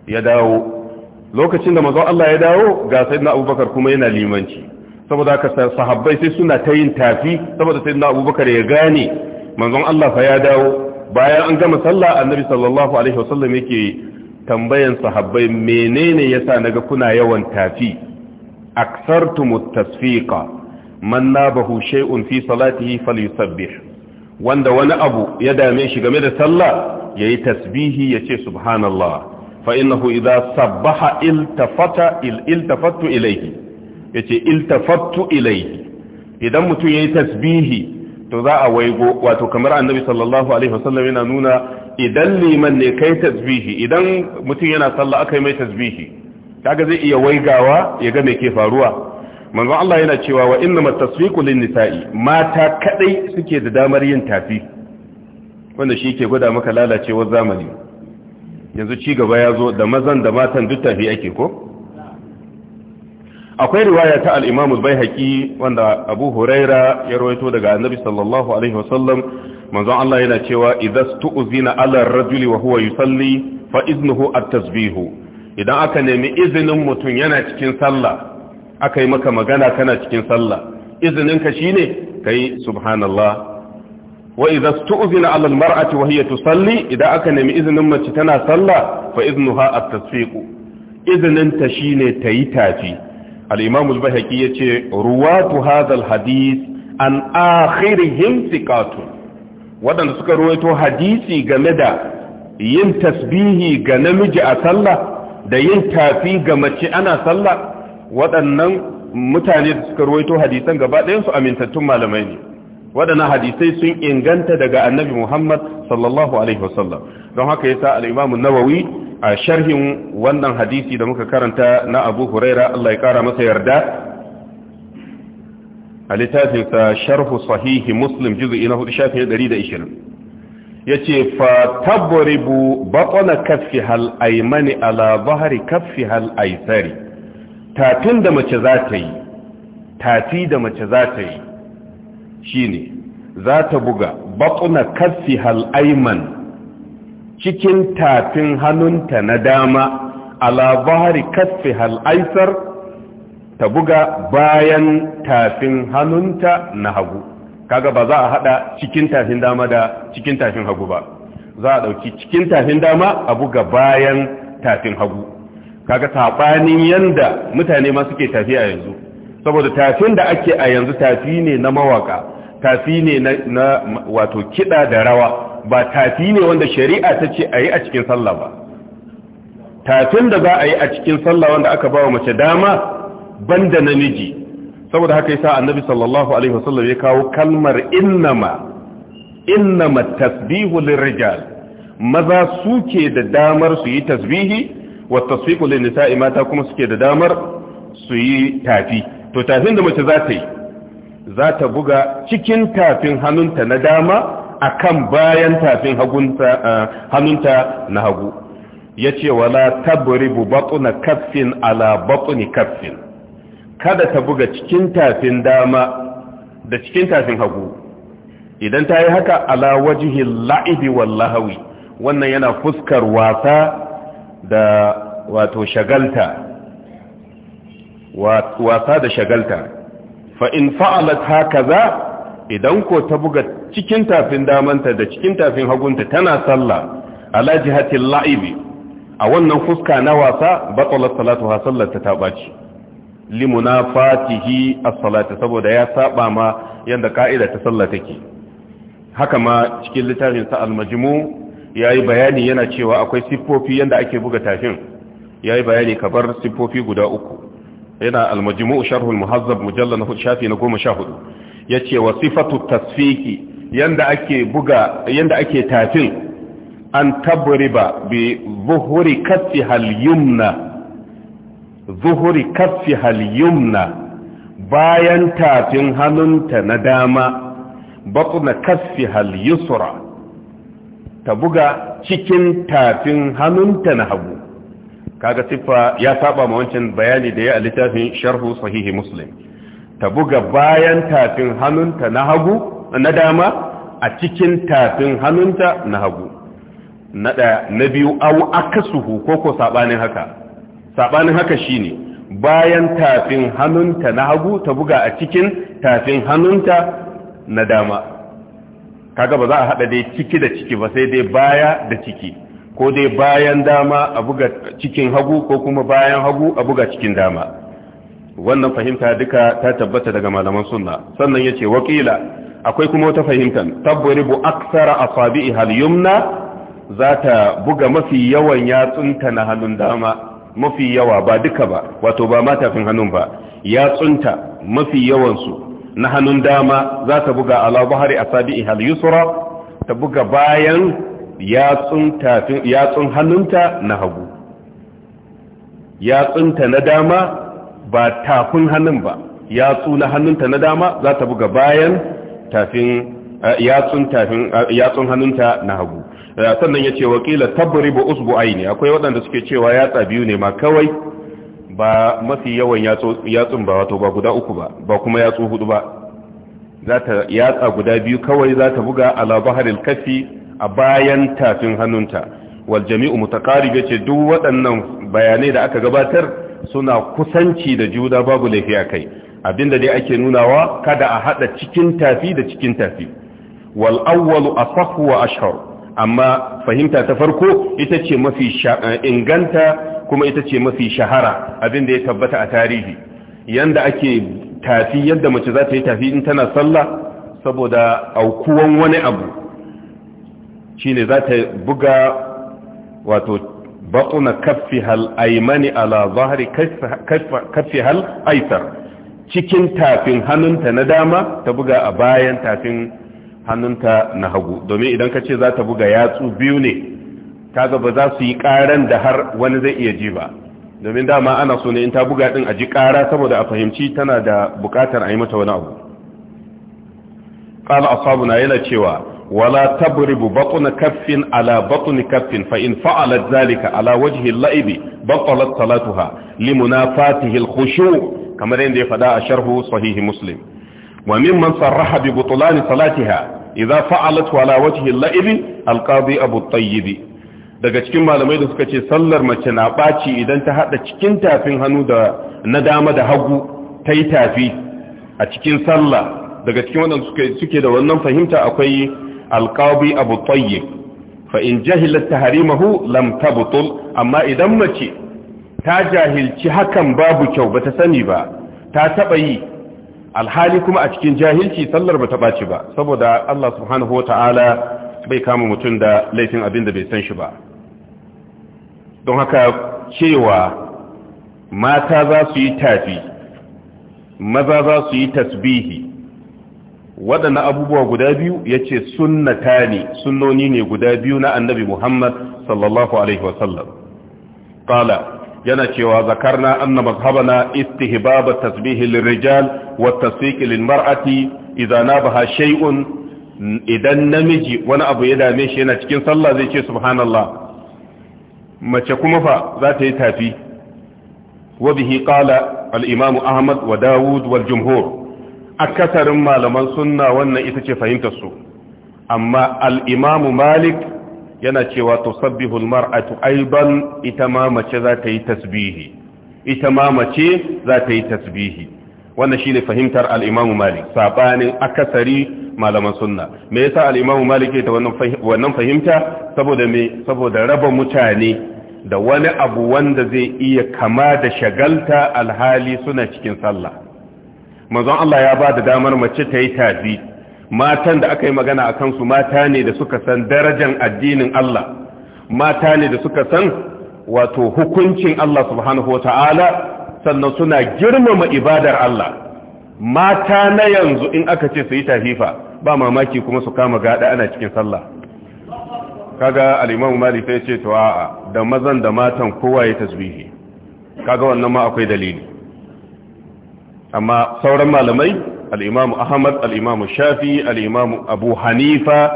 ya dawo lokacin da manzon Allah ya dawo ga sayyidina Abubakar kuma yana limanci saboda haka sahabbai sai suna ta yin tafi saboda sayyidina Abubakar ya gane manzon Allah fa ya dawo bayan an gama sallah annabi sallallahu alaihi wasallam yake tambayan sahabbai menene yasa naga kuna yawan tafi aksartu tasfiqa man nabahu shay'un fi salatihi falyusabbih wanda wani abu ya dame shi game da sallah yayi tasbihi yace subhanallah fa innahu idza sabbaha iltafata iltafattu ilayhi yace iltafattu ilayhi idan mutum yayi tasbihi to za a waigo wato kamar annabi sallallahu alaihi wasallam yana nuna idan liman ne kai tasbihi idan mutum yana sallah aka yi mai tasbihi kaga zai iya waigawa ya ga me ke faruwa manzon Allah yana cewa wa innamat tasfiqu lin nisa'i mata kadai suke da damar yin tafi wanda shi ke gwada maka lalacewar zamani yanzu ci gaba ya zo da mazan da matan duk tafi ake ko akwai riwaya ta al bai al wanda Abu Huraira ya rawaito daga Annabi sallallahu alaihi wasallam manzon Allah yana cewa idan tu'zina ala ar-rajuli wa huwa yusalli fa iznuhu at-tasbihu idan aka nemi izinin mutum yana cikin sallah aka yi maka magana kana cikin sallah izininka shine kai subhanallah wa idza tu'zina ala al-mar'ati wa hiya tusalli idan aka nemi izinin mace tana sallah fa iznuha at-tasbihu Izinin izininta shine tayi tafi al-imam al-bahaqi yace ruwatu hadha al-hadith an akhirihim thiqatun waɗanda suka ruwaito hadisi game da yin tasbihi ga namiji a sallah da yin tafi ga mace ana sallah waɗannan mutane da suka ruwaito hadisan gaba ɗayan su amintattun malamai ne waɗannan hadisai sun inganta daga annabi Muhammad sallallahu alaihi wasallam don haka ya sa imam nawawi a sharhin wannan hadisi da muka karanta na abu huraira Allah ya kara masa yarda a littafinsa sharhu sahihi muslim juzu'i na hudu shafin 120 ya ce fa tabbaribu baƙona kaffi hal'aimani ala bahari kaffi hal'aisari tatin da mace za ta yi tati da mace za ta yi shi ne za ta buga baƙona kaffi hal'aiman cikin tafin hannunta na dama ala bahari kasfi hal'aisar ta buga bayan tafin hannunta na hagu kaga ba za a hada cikin tafin dama da cikin tafin hagu ba za a dauki cikin tafin dama a buga bayan tafin hagu kaga tsabanin yanda mutane ma suke tafi a yanzu saboda tafin da ake a yanzu tafi ne na mawaka tafi ne na wato kida da rawa ba tafi ne wanda shari'a ta ce a yi a cikin sallah ba tafin da za a yi a cikin sallah wanda aka ba wa mace dama banda namiji saboda haka yasa annabi sallallahu alaihi wasallam ya kawo kalmar innama innama tasbihu lirrijal maza suke da damar su yi tasbihi wa tasfiqu linnisa'i mata kuma suke da damar su yi tafi to tafin da mace za ta yi za ta buga cikin tafin hannunta na dama akan bayan tafin hannunta na hagu ya ce wala tabribu batuna kaffin ala batuni kaffin kada ta buga cikin tafin dama da cikin tafin hagu idan ta yi haka ala wajihin la'ibi wallahawi wannan yana fuskar wasa da wato shagalta wasa da shagalta fa in fa'alat hakaza idan ko ta buga cikin tafin damanta da cikin tafin hagunta tana sallah ala jihatil la'ibi a wannan fuska na wasa batalat salatu ha sallar ta tabaci limunafatihi as-salati saboda ya saba ma yanda ka'ida ta sallah take haka ma cikin littafin sa al-majmu yayi bayani yana cewa akwai siffofi yanda ake buga tafin yayi bayani kabar siffofi guda uku yana al-majmu sharh al-muhazzab mujallad shafi na 14 yace wa sifatu tasfiki yanda ake buga yanda ake tafin an tabriba bi zuhuri kaffi hal yumna zuhuri kaffi hal yumna bayan tafin hannunta na dama batna kaffi hal yusra ta buga cikin tafin hannunta na hagu kaga siffa ya saba ma wancan bayani da ya a littafin sharhu sahihi muslim ta buga bayan tafin hannunta na hagu na dama a cikin tafin hannunta na hagu na ɗaya na biyu au akasuhu ko ko saɓanin haka saɓanin haka shine bayan tafin hannunta na hagu ta buga a cikin tafin hannunta na dama kaga ba za a haɗa dai ciki da ciki ba sai dai baya da ciki ko dai bayan dama a buga cikin hagu ko kuma bayan hagu a buga cikin dama wannan fahimta duka ta tabbata daga malaman sunna sannan yace waqila akwai kuma wata fahimtan tabribu aksara asabi'i hal yumna zata buga mafi yawan yatsunta na hannun dama mafi yawa ba duka ba wato ba ma tafin hannun ba yatsunta mafi yawan su na hannun dama zata buga ala bahari asabi'i hal yusra ta buga bayan yatsun tafin yatsun hannunta na hagu yatsunta na dama ba tafin hannun ba yatsu na hannunta na dama za ta buga bayan eh, eh, yatsun hannunta na hagu eh, sannan ya ce wakila usbu aini akwai waɗanda suke cewa yatsa biyu ne ma kawai ba mafi yawan yatsun ba wato ba guda uku ba ba kuma yatsu hudu ba za ta yatsa guda biyu kawai za ta buga ala baharil kafi a bayan tafin hannunta wal jami'u ya ce duk waɗannan bayanai da aka gabatar suna kusanci da juna babu laifi a kai abinda dai ake nunawa kada a hada cikin tafi da cikin tafi wal awwalu asahhu wa ashhar amma fahimta ta farko ita ce mafi eh, inganta kuma ita ce mafi shahara abinda ya tabbata a tarihi yanda ake tafi yadda mace za ta yi tafi in tana sallah saboda aukuwan wani abu shine za ta buga wato بطن كفها al على ظهر zahri kaffiha cikin tafin hannunta na dama ta buga a bayan tafin hannunta na hagu domin idan ka ce za ta buga yatsu biyu ne kaga ba za su yi karan da har wani zai iya ji ba domin dama ana so ne in ta buga din a ji kara saboda a fahimci tana da bukatar a yi mata wani abu qala na yana cewa wala tabribu batna kaffin ala batni kaffin fa in fa'alat zalika ala wajhi al-la'ibi batalat salatuha limunafatihi al-khushu' kamar yadda ya fada a sharhu sahih muslim wa mimman sarraha bi butlan salatiha idza fa'alat ala wajhi laibi al-qadi abu at daga cikin malamai da suka ce sallar mace na ɓaci idan ta haɗa cikin tafin hannu da na dama da hagu ta yi tafi a cikin sallah daga cikin wadanda suke da wannan fahimta akwai alqabi abu tayyib fa in jahilat tahrimahu lam tabtul amma idan mace ta jahilci hakan babu kyau bata sani ba ta taɓa yi alhali kuma a cikin jahilci sallar bata baci ba saboda Allah subhanahu ta'ala bai kama mutum da laifin abin da bai san shi ba don haka cewa mata za su yi tafi maza za su yi tasbihi waɗannan abubuwa guda biyu ya ce sunnata ne sunnoni ne guda biyu na annabi muhammad sallallahu alaihi wasallam ƙala yana cewa zakarna anna na istihbaba tasbihi lirrijal wa tasfiqi lilmar'ati idza nabaha shai'un idan namiji wani abu ya dame shi yana cikin sallah zai ce subhanallah mace kuma fa za ta yi tafi wa bihi qala al-imam ahmad wa dawud wal jumhur akasarin malaman sunna wannan ita ce fahimtar su amma al malik yana cewa tusabbihu al-mar'atu aidan ita ma za ta yi tasbihi ita ma mace za ta yi tasbihi wannan ne fahimtar al'imamu malik sabanin akasari malaman sunna me yasa al'imamu malik ya ta wannan fahimta saboda saboda raba mutane da wani abu wanda zai iya kama da shagalta alhali suna cikin sallah manzon Allah ya ba da damar mace ta yi tazi matan da aka yi magana a kansu mata ne da suka san darajan addinin Allah mata ne da suka san wato hukuncin Allah subhanahu wata'ala sannan suna girmama ibadar Allah mata na yanzu in aka ce su yi tafifa ba mamaki kuma su kama gada ana cikin sallah kaga al-Imam Malik sai ce to a'a da mazan da matan kowa ya tasbihi kaga wannan ma akwai dalili amma sauran malamai al'imamu ahmad al'imamu shafi al'imamu abu hanifa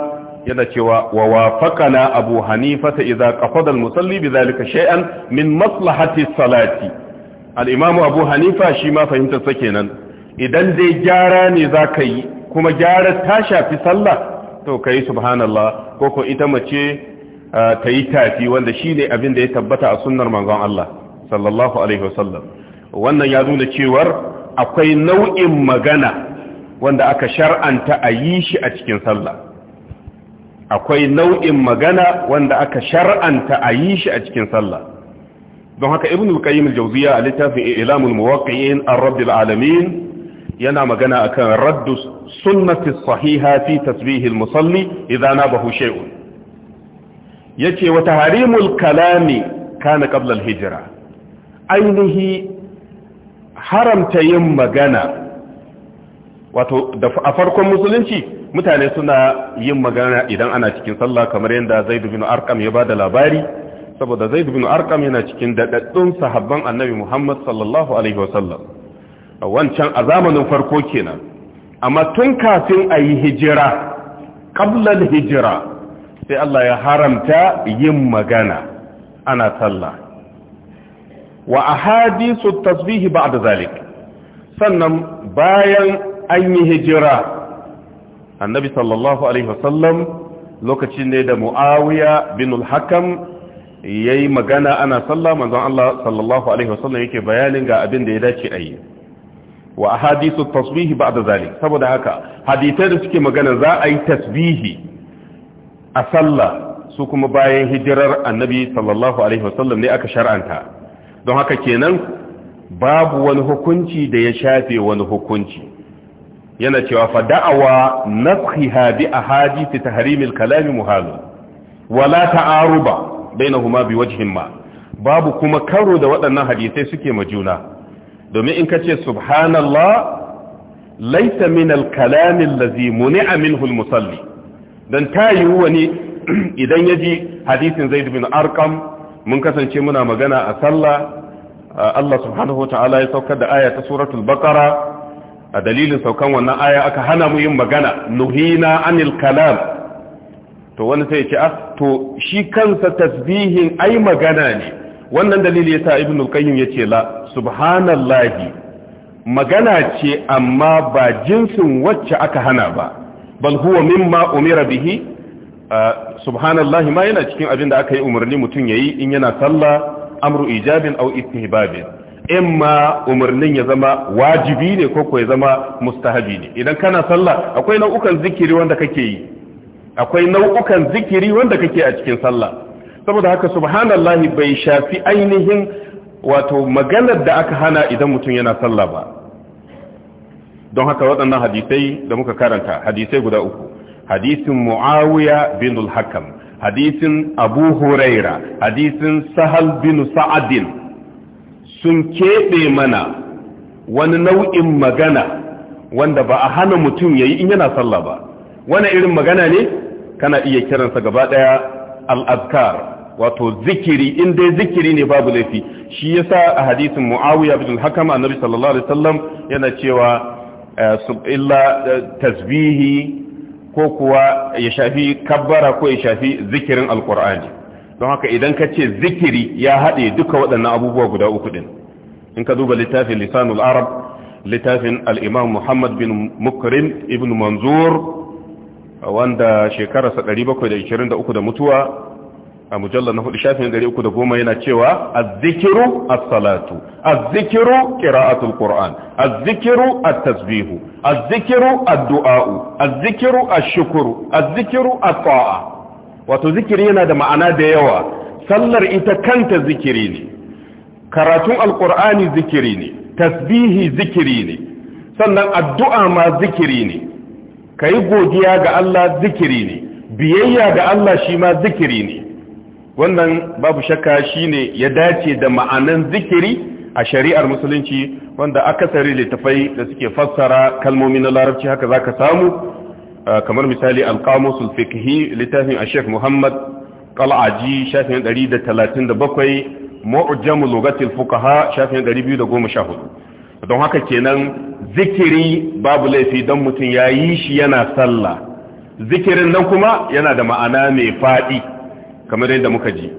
yana cewa wa na abu hanifa ta idza qafada al-musalli bi zalika shay'an min maslahati salati Al'imamu abu hanifa shi ma fahimtar sa kenan idan dai gyara ne ka yi kuma gyara ta shafi sallah to yi subhanallah ko ko ita mace ta yi tafi wanda ne abin da ya tabbata a sunnar manzon Allah sallallahu alaihi wasallam wannan ya nuna cewar akwai nau'in magana wanda aka shar'anta a yi shi a cikin sallah akwai nau'in magana wanda aka shar'anta a yi shi a cikin sallah don haka ibn al-qayyim al a littafin ilamul muwaqqi'in ar-rabbil alamin yana magana akan raddu sunnati sahiha fi tasbih al-musalli idza nabahu shay'un yace wa harimul kalami kana qabla al-hijra ainihi haramta yin magana wato a farkon musulunci mutane suna yin magana idan ana cikin sallah kamar yadda zai bin arkam ya bada labari saboda zai bin arkam yana cikin daɗaɗɗun sahabban annabi muhammad sallallahu alaihi wasallam wancan a zamanin farko kenan amma tun kafin a yi hijira ƙablan hijira sai allah ya haramta yin magana ana sallah wa ahadisu tasbihi da zalik sannan bayan an yi hijira annabi sallallahu alaihi wasallam lokacin ne da muawiya bin al-hakam yayi magana ana sallah manzon Allah sallallahu alaihi wasallam yake bayanin ga abin da ya dace a yi wa ahadisu tasbihi da zalik saboda haka hadisai da suke magana za a yi tasbihi a sallah su kuma bayan hijirar annabi sallallahu alaihi wasallam ne aka shar'anta don haka kenan babu wani hukunci da ya shafe wani hukunci yana cewa fa da'awa nakhiha bi ahadith tahrim al-kalam muhal wala ta'aruba bainahuma bi wajhin ma babu kuma karo da waɗannan hadisai suke majuna domin in kace subhanallah laysa min al-kalam allazi muni'a minhu al-musalli dan tayi wani idan yaji hadisin zaid bin arqam mun kasance muna magana a sallah Allah subhanahu wata'ala ya saukar da aya ta suratul baqara a dalilin saukan wannan aya aka hana mu yin magana nuhina anil kalam to wani sai ce ah to shi kansa tasbihin ai magana ne wannan dalili yasa Ibnu al-qayyim yace la subhanallahi magana ce amma ba jinsin wacce aka hana ba bal huwa mimma umira bihi subhanallahi ma yana cikin abin da aka yi umarni mutum ya yi in yana sallah amru ijabin aw istihbabin imma umarnin ya zama wajibi ne ko ko ya zama mustahabi ne idan kana sallah akwai nau'ukan zikiri wanda kake yi akwai nau'ukan zikiri wanda kake a cikin sallah saboda haka subhanallahi bai shafi ainihin wato maganar da aka hana idan mutum yana sallah ba don haka waɗannan hadisai da muka karanta hadisai guda uku hadisin muawiya bin al-hakam hadisin abu huraira hadisin sahal bin sa'adin sun keɓe mana wani nau'in magana wanda ba a hana mutum yayi in yana sallah ba wani irin magana ne kana iya kiransa gaba ɗaya al-azkar wato zikiri in dai zikiri ne babu laifi shi yasa a hadisin muawiya bin al-hakam annabi sallallahu alaihi wasallam yana cewa eh, illa eh, tasbihi ko kuwa ya shafi kabbara ko ya shafi zikirin alkur'ani don haka idan ka ce zikiri ya haɗe duka waɗannan abubuwa guda uku ɗin in ka duba littafin lisanul arab littafin al'imam muhammad bin mukrim ibn manzur wanda shekararsa 723 da mutuwa a mujallar na hudu shafin gari uku da goma yana cewa azzikiru a salatu azzikiru qira'atul A azzikiru a tasbihu azzikiru ad-du'a'u azzikiru ash-shukru azzikiru at-ta'a wato zikiri yana da ma'ana da yawa sallar ita kanta zikiri ne karatun alqur'ani zikiri ne tasbihi zikiri ne sannan addu'a ma zikiri ne Kayi godiya ga Allah zikiri ne biyayya ga Allah shi ma zikiri ne wannan babu shakka shine ya dace da ma'anan zikiri a shari'ar musulunci wanda akasari littafai da suke fassara kalmomi na larabci haka zaka samu ah, kamar misali alqamusul fiqhi littafin ash Muhammad Qal'aji shafin 137 mu'jamul lughatil fuqaha shafin 214 don haka kenan zikiri babu laifi don mutum yayi shi yana sallah zikirin nan kuma yana da ma'ana mai fadi kamar yadda muka ji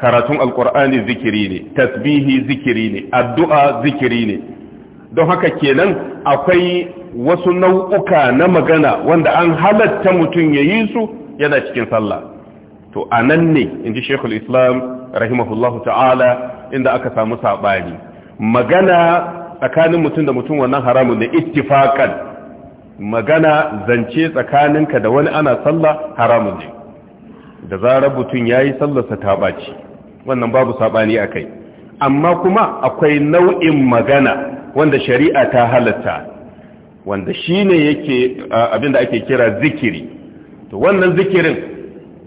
karatun alkur'ani zikiri ne tasbihi zikiri ne addu'a zikiri ne don haka kenan akwai wasu nau'uka na magana wanda an halatta mutum ya yi su yana cikin sallah to a nan ne in ji shekul islam rahimahullahu ta'ala inda aka samu saɓani magana tsakanin mutum da mutum wannan haramun da ittifakan magana zance tsakaninka da wani ana sallah haramun ne da zarar mutum ya yi sallarsa ta ɓaci wannan babu saɓani a kai amma kuma akwai nau'in magana wanda shari'a ta halatta wanda shi ne yake abinda ake kira zikiri to wannan zikirin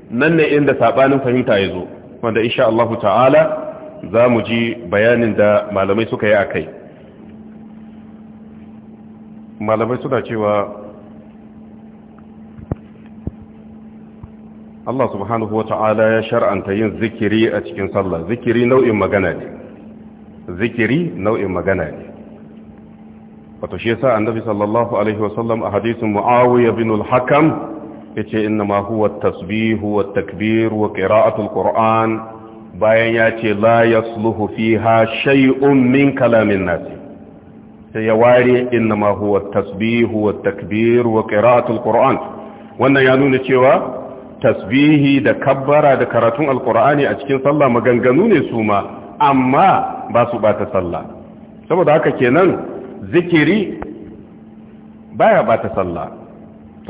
nan ne inda saɓanin fahimta ya zo wanda insha Allahu ta'ala za mu ji bayanin da malamai suka yi a kai malamai suna cewa Allah subhanahu wa ta'ala ya shar'anta yin zikiri a cikin sallah zikiri nau'in magana ne zikiri nau'in magana ne wato shi yasa annabi sallallahu alaihi wasallam a hadisin muawiya bin al-hakam yace inna ma huwa tasbihu wa takbir wa qira'atul qur'an bayan ce la fi fiha shaiun min kalamin nas sai ya ware inna ma huwa tasbihu wa takbir wa qira'atul wannan ya nuna cewa tasbihi da kabbara da karatun alkur'ani a cikin sallah maganganu ne su ma amma ba su bata sallah saboda haka kenan zikiri baya bata sallah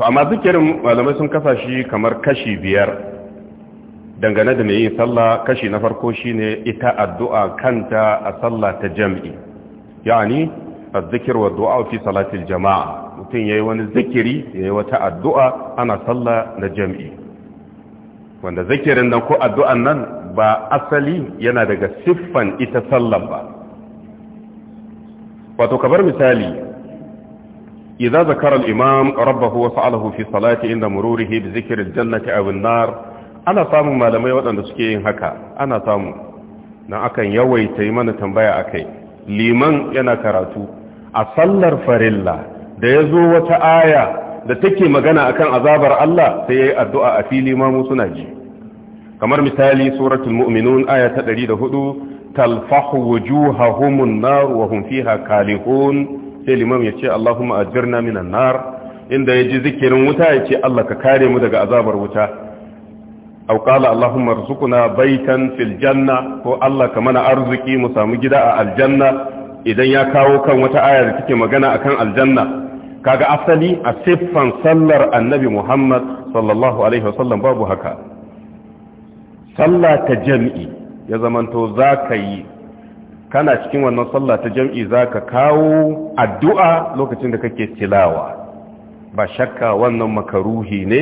to amma zikirin malamai sun kasa shi kamar kashi biyar dangane da mai yin sallah kashi na farko shine ita addu'a kanta a sallah ta jam'i yani az-zikr wa du'a fi salatil jama'a mutum yayi wani zikiri yayi wata addu'a ana sallah na jam'i wanda zikirin nan ko addu'an nan ba asali yana daga siffan ita sallan ba wato kabar misali iza zakara imam rabbahu wasu sa'alahu fi salati inda mururihi bi zikri jannati aw nar ana samun malamai waɗanda suke yin haka ana samu na akan yawaita yi mana tambaya akai liman yana karatu a sallar farilla da ya zo wata aya da take magana akan azabar Allah sai yayi addu'a a fili ma suna ji kamar misali suratul mu'minun aya ta hudu, talfahu wujuhahumun nar wa hum fiha kalihun sai limam yace Allahumma ajirna minan nar inda ji zikirin wuta ce Allah ka kare mu daga azabar wuta Aukala qala allahumma arzuqna baytan fil janna ko allah ka mana arziki mu samu gida a aljanna idan ya kawo kan wata aya da take magana akan aljanna kaga asali a siffan sallar annabi muhammad sallallahu alaihi wasallam babu haka sallah ta jam'i ya zamanto za ka yi kana cikin wannan sallah ta jam'i za ka kawo addu'a lokacin da kake tilawa ba shakka wannan makaruhi ne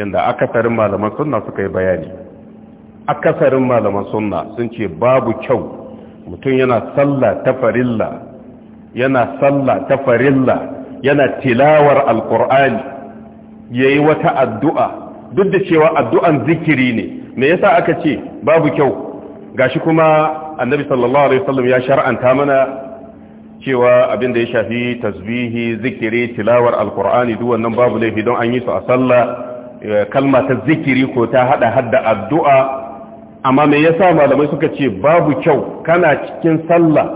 yadda akasarin malaman sunna suka yi bayani akasarin malaman sunna sun ce babu kyau mutum yana sallah ta farilla yana sallah ta farilla yana tilawar alkur'ani ya yi wata addu'a duk da cewa addu'an zikiri ne me yasa aka ce babu kyau gashi kuma annabi sallallahu alaihi wasallam ya shar'anta mana cewa abin da ya shafi tasbihi zikiri tilawar alkur'ani duk wannan babu laifi don an yi su a sallah kalma ta zikiri ko ta hada hadda addu'a amma me yasa malamai suka ce babu kyau kana cikin sallah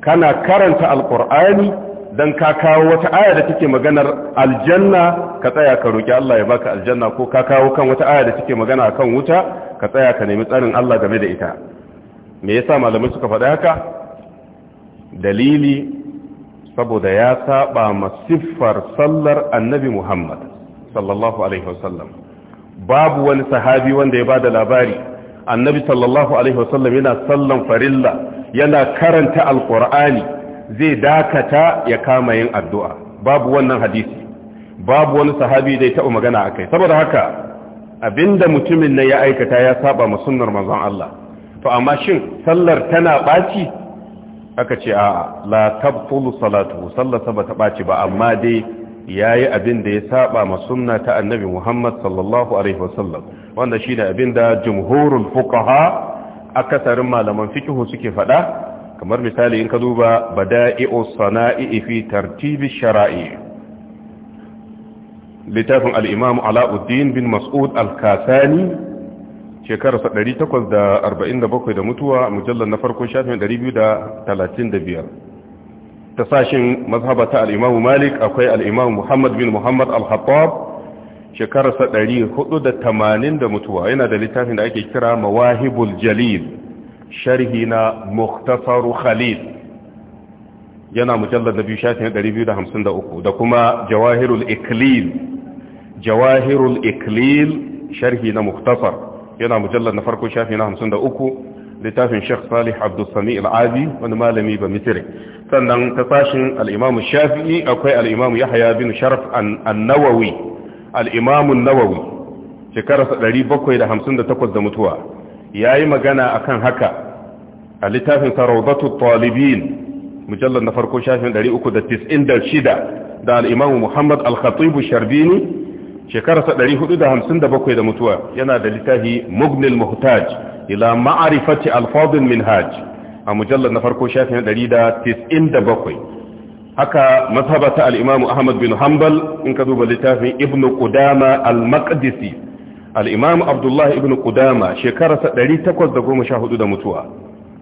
kana karanta alkur'ani dan ka kawo wata aya da take maganar aljanna ka tsaya ka roki Allah ya baka aljanna ko ka kawo kan wata aya da take magana kan wuta ka tsaya ka nemi tsarin Allah game da ita me yasa malamai suka faɗa haka dalili saboda ya saba masiffar sallar annabi Muhammad sallallahu alaihi wasallam babu wani sahabi wanda ya bada labari annabi sallallahu alaihi wasallam yana sallan farilla yana karanta alqur'ani zai dakata ya kama yin addu'a babu wannan hadisi babu wani sahabi da ya taɓa magana a kai saboda haka abinda mutumin na ya aikata ya saba ma sunnar manzon Allah to amma shin sallar tana ɓaci aka ce a la tabtulu salatu sallar ta bata ɓaci ba amma dai yayi yi abinda ya saba ma sunna ta annabi Muhammad sallallahu alaihi wasallam wanda shine abin da jumhurul fuqaha akasarin malaman fiqh suke faɗa kamar misali in ka duba bada'i'u sana'i fi tartibi shara'i littafin al-imam Alauddin bin Mas'ud al-Kasani shekarar 847 da mutuwa mujallar na farko shafin 235 ta sashin mazhabata al-imam Malik akwai al-imam Muhammad bin Muhammad al-Hattab shekararsa ɗari da tamanin da mutuwa yana da littafin da ake kira mawahibul jalil sharhi na muktasaru khalil yana mujallar da biyu shafin 253 da kuma jawahirul iklil jawahirul iklil sharhi na muktasar yana mujallar na farko shafi na 53 littafin sheikh salih abdulsami al'azi wani malami ba misiri sannan ta sashin al'imamu shafi'i akwai al'imamu haya bin sharaf annawawi al'imamun nawawi shekararsa 758 da mutuwa ya yi magana kan haka a littafin sarautattu talibin mujallar na farko shafin 396 da al'imamu muhammad al-khatibu sharbini shekararsa 457 da mutuwa yana da littafi mugnil muhtaj ila ma'arifati alfadin minhaj a mujallar na farko shafin 197 haka mazhabata al'imamu ahmad bin hanbal in ka duba littafin ibn qudama al-maqdisi al'imam abdullah ibn kudama shekararsa 814 da mutuwa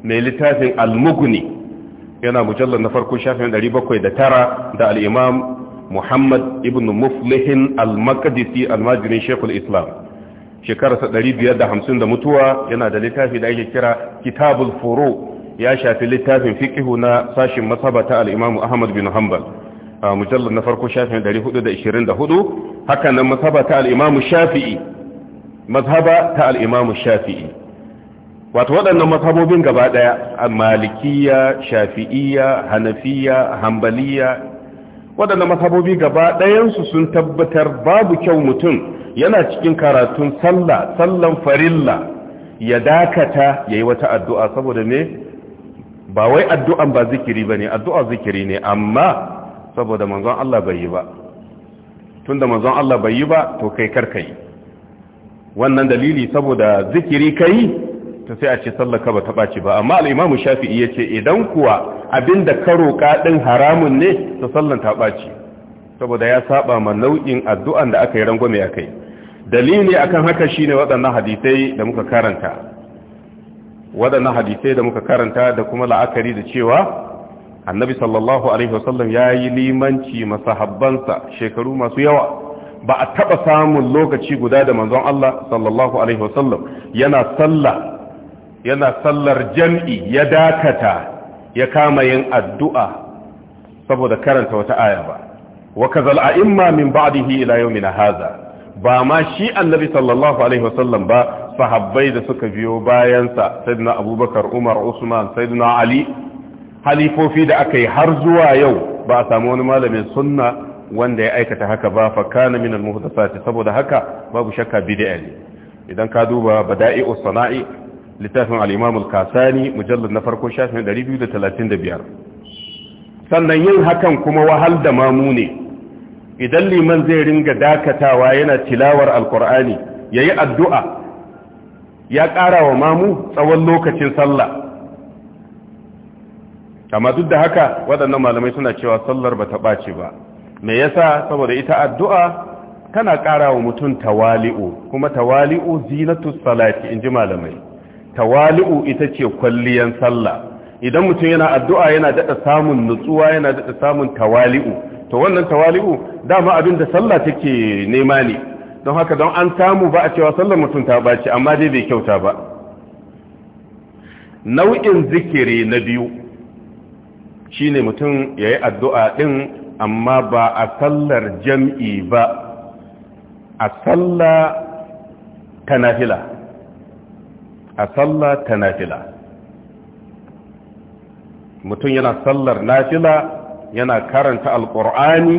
mai littafin al-muguni yana mujallar na farko shafin 709 da al'imam muhammad ibn muflihin al-makadisi almajirin shekul islam shekararsa 550 da mutuwa yana da littafi da ake kira kitabul furu ya shafi littafin fiƙihu na sashin masaba ta al'imamu ahmad bin hanbal mujallar na farko shafin 424 haka nan masaba ta al'imamu shafi'i mazhaba ta al'imamu shafi'i wato waɗannan mazhabobin gaba ɗaya malikiya shafi'iya hanafiya hambaliya waɗannan mazhabobi gaba ɗayansu sun tabbatar babu kyau mutum yana cikin karatun sallah sallan farilla ya dakata ya yi wata addu'a saboda ne ba wai addu'an ba zikiri ba ne addu'a zikiri ne amma saboda manzon Allah bai yi ba tun da manzon Allah bai yi ba to kai yi. wannan dalili saboda zikiri kai ta sai a ce sallaka ba ta baci ba amma al'imamu shafi'i yace idan kuwa abinda da ka roƙa haramun ne to sallan ta baci saboda ya saba ma nau'in addu'an da aka yi rangwame akai kai dalili akan haka shine wadannan hadisai da muka karanta wadannan hadisai da muka karanta da kuma la'akari da cewa annabi sallallahu alaihi wasallam ya yi limanci masahabbansa shekaru masu yawa ba a taba samun lokaci guda da manzon Allah sallallahu alaihi wasallam yana sallah yana sallar jam'i ya dakata ya kama yin addu'a saboda karanta wata aya ba wa kazal a'imma min ba'dihi ila yawmina hadha ba ma shi annabi sallallahu alaihi wasallam ba sahabbai da suka biyo bayansa sayyidina abubakar umar usman sayyidina ali halifofi da aka yi har zuwa yau ba a samu wani malamin sunna wanda ya aikata haka ba fa kana min al muhdathati saboda haka babu shakka bid'a ne idan ka duba bada'i'us sana'i littafin al-imam al-kasani mujallad na farko shafin 235 sannan yin hakan kuma wahal da mamu ne idan liman zai ringa dakatawa yana tilawar alqur'ani yayi addu'a ya karawa wa mamu tsawon lokacin sallah amma duk da haka waɗannan malamai suna cewa sallar ba ta ɓace ba me yasa saboda ita addu'a kana ƙara wa mutum tawali'u kuma tawali'u zinatu salati in ji malamai tawali'u ita ce kwalliyan sallah idan mutum yana addu'a yana daɗa samun nutsuwa yana dada samun tawali'u to wannan tawali'u dama abin da sallah take nema ne don haka don an samu ba a cewa sallar mutum ta baci amma dai bai kyauta ba nau'in zikiri na biyu shine mutum ya yi addu'a ɗin amma ba a sallar jam'i ba a salla ta nafila a salla ta nafila mutum yana sallar nafila yana karanta alƙur'ani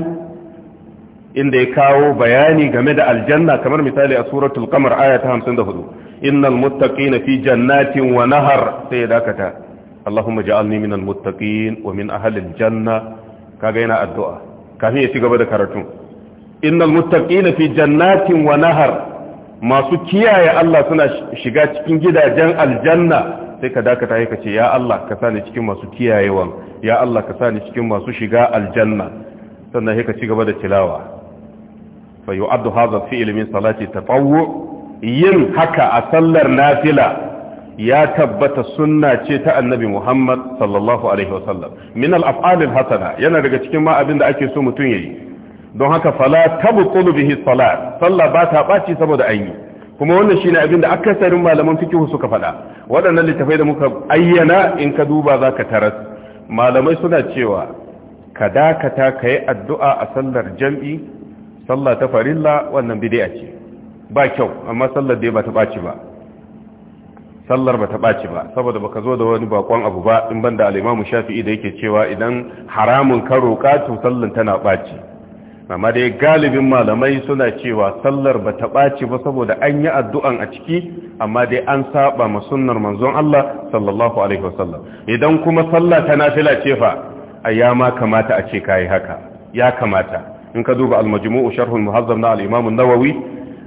inda ya kawo bayani game da aljanna kamar misali a suratul kamar ayata 54 innal muttaqina fi jannatin wa nahar sai dakata allahumma ja'alni minal muttaqin wa min ahlil janna kaga yana addu'a kafin ya ci gaba da karatun innal muttaqina fi jannatin wa nahar masu kiyaye Allah suna shiga cikin gidajen aljanna sai ka dakata ka ce ya Allah ka sani cikin masu kiyayewan ya Allah ka sani cikin masu shiga aljanna sannan sai ka ci gaba da tilawa fa yu'addu hadha fi min salati tatawwu yin haka a sallar nafila ya tabbata sunna ce ta annabi Muhammad sallallahu alaihi wasallam min al-af'al hasana yana daga cikin ma abin da ake so mutun yayi don haka fala tabqulu bihi salat sallah ba ta baci saboda ayi kuma wannan shine abin da akasarin malaman fiqh suka faɗa waɗannan littafai da muka ayyana in ka duba zaka taras malamai suna cewa ka dakata kai addu'a a sallar jam'i sallah ta farilla wannan bid'a ce ba kyau amma sallar da ba ta baci ba sallar ba ta ɓaci ba saboda baka zo da wani bakon abu ba in banda al'imamu shafi'i da yake cewa idan haramun ka roƙa to sallan tana ɓaci amma dai galibin malamai suna cewa sallar ba ta ɓaci ba saboda an yi addu'an a ciki amma dai an saba ma sunnar manzon Allah sallallahu alaihi wasallam idan kuma sallah ta nafila ce fa ai ma kamata a ce kai haka ya kamata in ka duba al-majmu'u sharh al-muhazzam na al-imam an-nawawi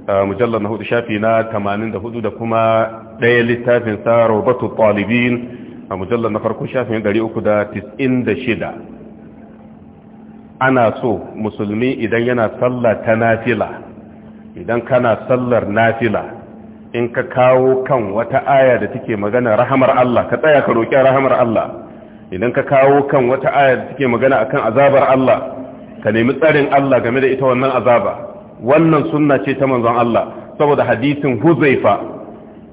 uh, mujallad na hudu shafi na 84 da kuma ɗaya littafin sa robatu talibin a mujallar na farko shafin 396 ana so musulmi idan yana sallah ta nafila idan kana sallar nafila in ka kawo kan wata aya da take magana rahamar Allah ka tsaya ka roƙi rahamar Allah idan ka kawo kan wata aya da take magana akan azabar Allah ka nemi tsarin Allah game da ita wannan azaba wannan sunna ce ta manzon Allah saboda hadisin Huzaifa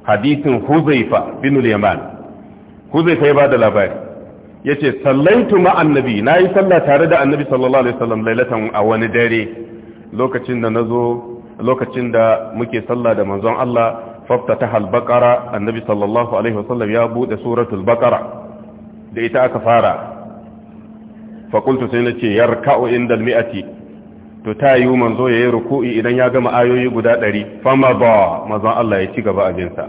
hadisin huzaifa bin yaman huzaifa ya ba da labari ya ce sallaitu ma na yi sallah tare da annabi sallallahu alaihi wasallam lailatan a wani dare lokacin da nazo lokacin da muke sallah da manzon Allah faftataha ta halbaƙara annabi sallallahu alaihi wasallam ya bude suratul baqara da ita aka fara fa qultu sai nace yarka'u indal mi'ati to ta yi manzo ya yi ruku'i idan ya gama ayoyi guda ɗari fama ba mazan Allah ya ci gaba abinsa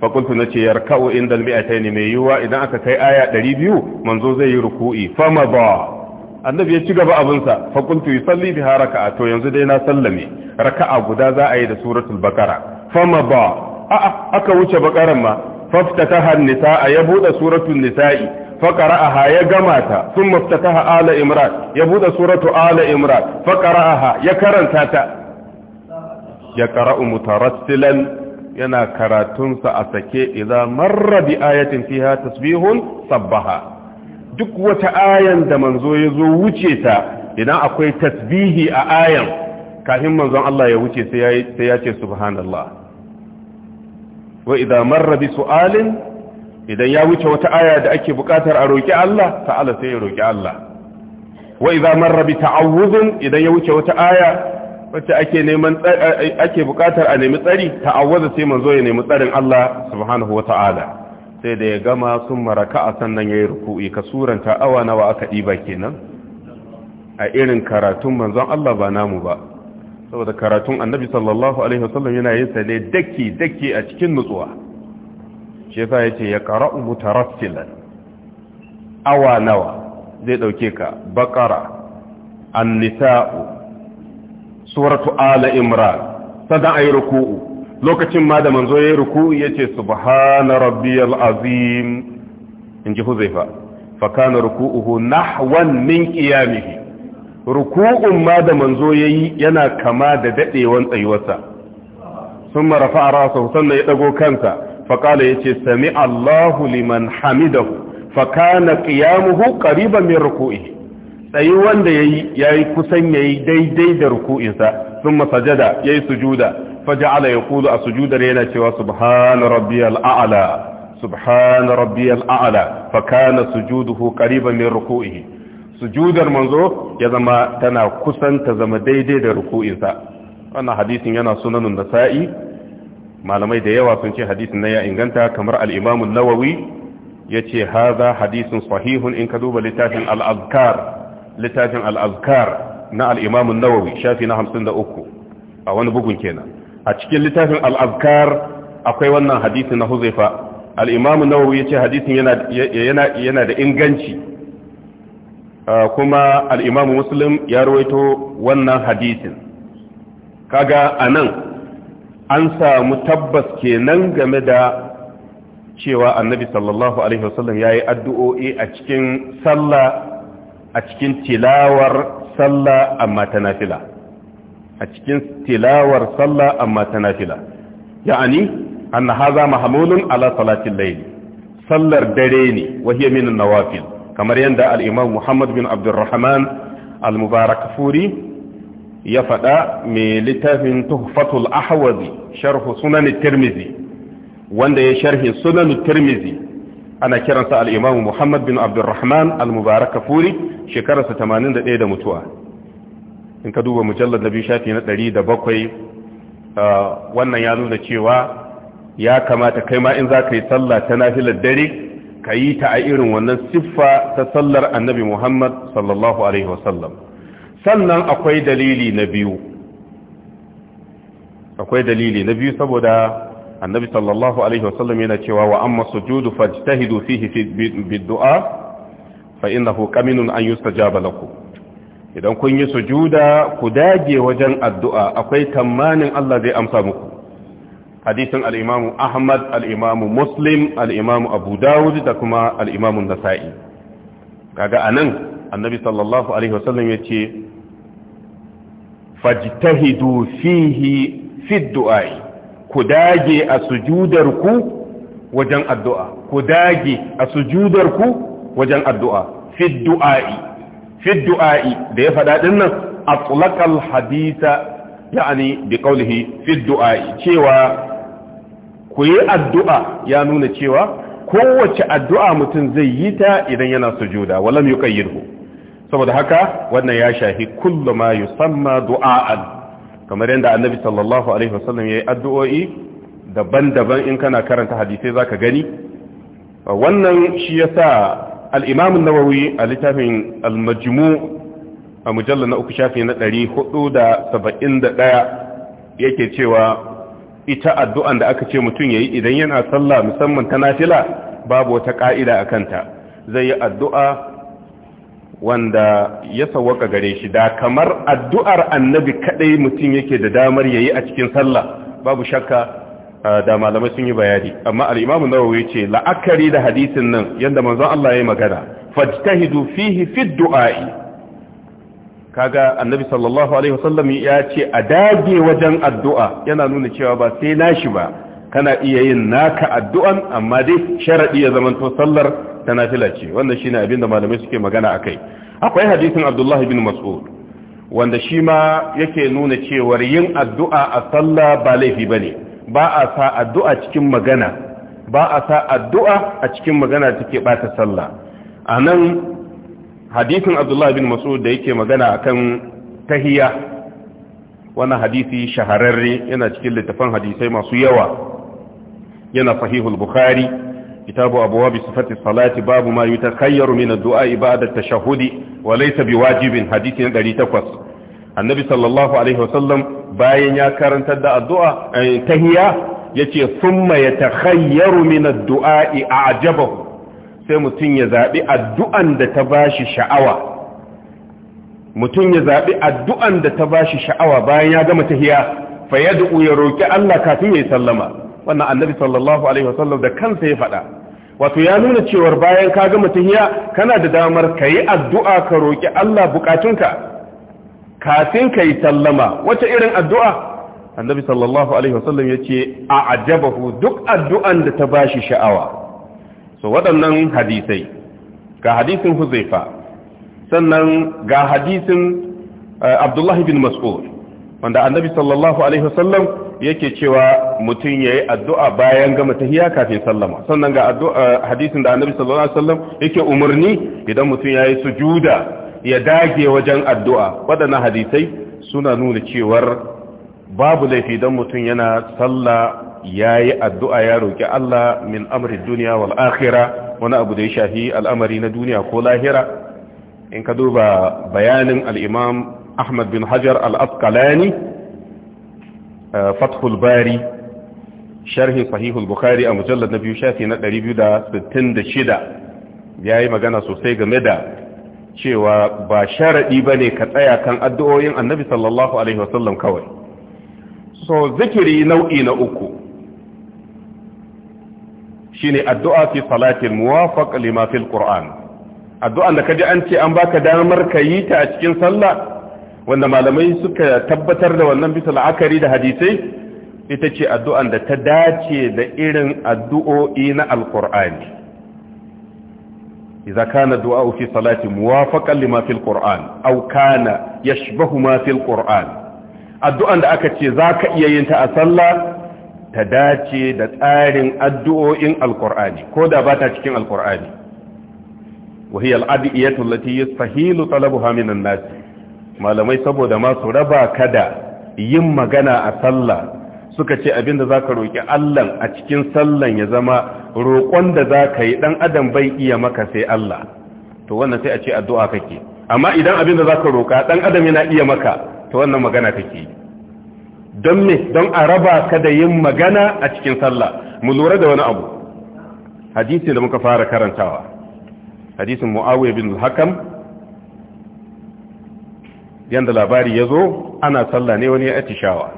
fakultu na ce yarka'u inda mi'atai ne mai yiwuwa idan aka kai aya ɗari biyu manzo zai yi ruku'i fama ba annabi ya ci gaba abinsa fakultu yi salli bi haraka a to yanzu dai na sallame raka'a guda za a yi da suratul bakara fama ba a'a aka wuce bakaran ma hannisa a ya buɗe suratun nisa'i فقرأها يجمعتا ثم افتتها آل إمران يبود سورة آل إمران فقرأها يكرن تاتا يقرأ مترسلا ينا كراتون سأسكي إذا مر بآية فيها تسبيح صبها duk wata ayan da manzo ya zo wuce ta idan akwai tasbihi a ayan kafin manzon Allah ya wuce sai ya ce subhanallah wa idza su'alin idan ya wuce wata aya da ake bukatar a roƙi Allah ta'ala sai ya roƙi Allah wa idza marra bi ta'awudhin idan ya wuce wata aya wacce ake neman ake bukatar a nemi tsari ta'awudha sai manzo ya nemi tsarin Allah subhanahu wa ta'ala sai da ya gama sun maraka a sannan ya yi ruku'i ka suranta awa nawa aka ɗiba kenan a irin karatun manzon Allah ba namu ba saboda karatun annabi sallallahu alaihi wasallam yana yin sa ne daki daki a cikin nutsuwa shi ya yace ya qara'u mutarassilan awa nawa zai ɗauke ka baqara annisa'u suratu ala imra. sadan ayi ruku'u lokacin ma da manzo yi ruku'u yace subhana rabbiyal azim ji huzaifa fa ruku'uhu nahwan min qiyamihi ruku'un ma da manzo yayi yana kama da daɗewan tsayuwarsa sun marafa a rasa sannan ya ɗago kansa faƙala ya ce sami allahu liman hamidahu fakana ƙiyamuhu ƙariban min ruku'i tsayi wanda ya kusan yayi daidai da ruku'insa sun masajada yayi sujuda faja'ala ya kulu a sujudar yana cewa subhana rabbiyal a'la subhana rabbiyal a'la fakana sujuduhu qariban min ruku'ihi sujudar manzo ya zama tana kusan ta zama daidai da ruku'insa wannan hadisin yana sunanun nasa'i malamai da yawa sun ce hadisin na ya inganta kamar al-imamu nawawi ya ce haza hadisin sahihun in ka duba littafin al-azkar littafin al-azkar na al-imamu nawawi shafi na hamsin da uku, a wani bugun kenan a cikin littafin al-azkar akwai wannan hadisin na huzaifa al-imamu nawawi ya ce hadisin yana yana yana da inganci kuma al-imamu muslim ya rawaito wannan hadisin kaga anan an samu tabbas kenan game da cewa annabi sallallahu alaihi wasallam ya yi addu'o'i a cikin sallah a cikin tilawar sallah amma ta nafila a cikin tilawar sallah amma ta nafila ya'ani an haza mahamulun ala salatin laili sallar dare ne wahiyya min nawafil kamar yadda alimam Muhammad bin Abdurrahman al-Mubarakfuri ya faɗa mai littafin tuhfatul ahwazi sharhu sunan tirmizi wanda ya sharhi sunan tirmizi ana kiransa al muhammad bin abdurrahman al-mubarak furi shekararsa 81 da mutuwa in ka duba mujallar na biyu shafi na 107 wannan ya nuna cewa ya kamata kai ma in za ka yi sallah ta nafilar dare ka yi ta a irin wannan siffa ta sallar annabi muhammad sallallahu alaihi wasallam sannan akwai dalili na biyu akwai dalili na biyu saboda annabi sallallahu alaihi wasallam yana cewa wa amma sujudu fajtahidu fihi bid'a fa innahu qaminun an yustajaba lakum idan kun yi sujuda ku dage wajen addu'a akwai tamanin Allah zai amsa muku hadisin al-imamu Ahmad al-imamu Muslim al-imamu Abu Dawud da kuma al-imamu Nasa'i kaga anan annabi sallallahu alaihi wasallam yace fajtahidu fihi fi ku dage a sujudar ku wajen addu'a ku dage a sujudar ku wajen addu'a fi du'a'i fi du'a'i da ya faɗa ɗin nan atlaqal haditha yani bi qawlihi fi du'a'i cewa ku yi addu'a ya nuna cewa kowace addu'a mutum zai yi ta idan yana sujuda walam yuqayyidhu saboda haka wannan ya shafi kullum ma samma du'a'an kamar yadda annabi sallallahu alaihi wasallam yayi addu'o'i daban-daban in kana karanta hadisai zaka gani wannan shi ya sa imam nawawi a littafin al-majmu' a mujalla na uku shafi na ɗari hudu da saba'in da ɗaya yake cewa ita addu'an da aka ce mutum ya yi idan yana sallah musamman ta nafila babu wata ƙa'ida a kanta zai yi addu'a wanda ya sawwaka gare shi da kamar addu'ar annabi kadai mutum yake da damar yayi a cikin sallah babu shakka da malamai sun yi bayani amma al-Imam Nawawi ce la'akari da hadisin nan yadda manzon Allah yi magana fajtahidu fihi fi du'a'i kaga annabi sallallahu alaihi wasallam ya ce a dage wajen addu'a yana nuna cewa ba sai nashi ba kana iya yin naka addu'an amma dai sharaɗi ya zamanto sallar ta nafila ce wannan shine abinda malamai suke magana akai akwai hadisin abdullahi bin Mas'ud wanda shi ma yake nuna cewar yin addu'a a sallah ba laifi bane ba a sa addu'a cikin magana ba a sa addu'a a cikin magana take bata sallah anan hadisin abdullahi bin Mas'ud da yake magana akan tahiya wannan hadisi shahararre yana cikin littafan hadisai masu yawa yana sahihul bukhari kitabu abwab sifati salati babu ma yutakhayyaru min ad-du'a ba'da tashahhudi wa laysa biwajibin hadisi na 800 annabi sallallahu alaihi wasallam bayan ya karantar da addu'a eh, tahiyya yace thumma yatakhayyaru min ad-du'a a'jabahu sai mutun ya zabi addu'an da ta bashi sha'awa mutum ya zaɓi addu'an da ta ba shi sha'awa bayan ya gama tahiya fayadu ya roki roƙi Allah kafin ya yi sallama wannan annabi sallallahu alaihi wasallam da kansa ya faɗa wato ya nuna cewar bayan ka gama tahiya kana da damar ka yi addu'a ka roƙi Allah buƙatunka kafin ka yi sallama wata irin addu'a annabi sallallahu alaihi wasallam ya ce a ajabahu duk addu'an da ta bashi sha'awa so waɗannan hadisai ga hadisin huzaifa sannan ga hadisin eh, abdullahi bin mas'ud wanda annabi sallallahu alaihi wasallam yake cewa mutum ya yi addu'a bayan gama tahiya kafin sallama sannan ga eh, hadisin da annabi sallallahu alaihi wasallam yake umarni idan mutum ya yi sujuda ya dage wajen addu'a waɗannan hadisai suna nuna cewar babu laifi don mutum yana sallah ya yi addu'a ya roƙi Allah min amrin duniya wal akhira wani abu da ya shafi al'amari na duniya ko lahira in ka duba bayanin al'imam Ahmad bin Hajar al-Asqalani fathul bari sharhin sahihul bukhari a mujallar na biyu shafi na 266 ya yi magana sosai game da cewa ba sharaɗi ba ne ka tsaya kan addu'o'in annabi sallallahu alaihi wasallam kawai so zikiri nau'i na uku shi ne addu'a fi salatin muwafaq lima fil ƙur'an addu'an da kaji an ce an baka damar ka yi ta a cikin sallah wanda malamai suka tabbatar da wannan bisa la'akari da hadisai ita ce addu'an da ta dace da irin addu'o'i na alkur'ani iza kana du'a fi salati muwafaqan lima fil qur'an aw kana yashbahu ma fil qur'an addu'an da aka ce zaka iya yin ta a sallah ta dace da tsarin addu'o'in alkur'ani ko da ba ta cikin alkur'ani وهي الأدئية التي يستحيل طلبها من الناس malamai saboda masu raba kada yin magana a sallah suka ce abinda za ka roƙi allan a cikin sallan ya zama roƙon da za ka yi ɗan adam bai iya maka sai allah to wannan sai a ce addu'a kake amma idan abinda za ka roƙa ɗan adam yana iya maka to wannan magana kake don me don a raba ka da yin magana a cikin sallah mu lura da wani abu hadisi da muka fara karantawa hadisin mu'awiyah bin hakam yanda labari ya zo ana sallah ne wani ya atishawa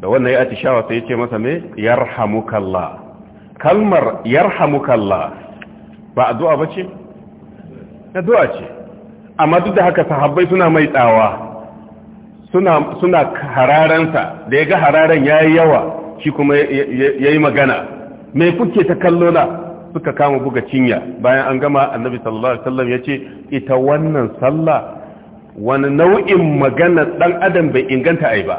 da wannan ya atishawa sai ya ce masa ne yarhamukallah kalmar yarhamukallah ba addu'a ba ce? addu'a ce amma duk da haka sahabbai suna mai tsawa suna hararensa da ya ga hararen ya yi yawa shi kuma ya yi magana mai kuke ta kallo na suka kama buga cinya bayan an gama annabi sallallahu alaihi wasallam ya ce ita wannan sallah wani nau'in magana dan adam bai inganta ai ba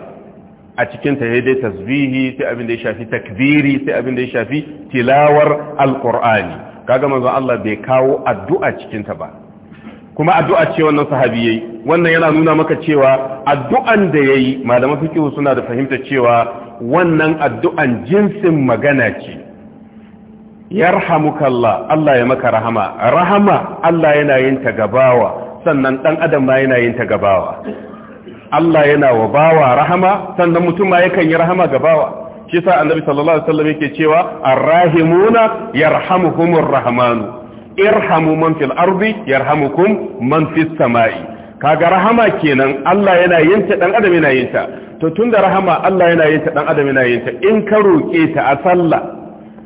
a cikin ta dai tasbihi sai abin da ya shafi takbiri sai abin da ya shafi tilawar alqur'ani kaga manzo Allah bai kawo addu'a cikinta ba kuma addu'a ce wannan sahabi yayi wannan yana nuna maka cewa addu'an da yayi malaman fiqh suna da fahimta cewa wannan addu'an jinsin magana ce yarhamukallah Allah ya maka rahama rahama Allah yana yin ta gabawa sannan ɗan adam ma yana yin ta gabawa Allah yana wa bawa rahama sannan mutum ma yakan yi rahama ga bawa shi sa annabi sallallahu alaihi wasallam yake cewa arrahimuna yarhamuhumur rahmanu irhamu man fil ardi yarhamukum man fis samai kaga rahama kenan Allah yana yin ta dan adam yana yin ta to tunda rahama Allah yana yin ta dan adam yana yin ta in ka roke ta a sallah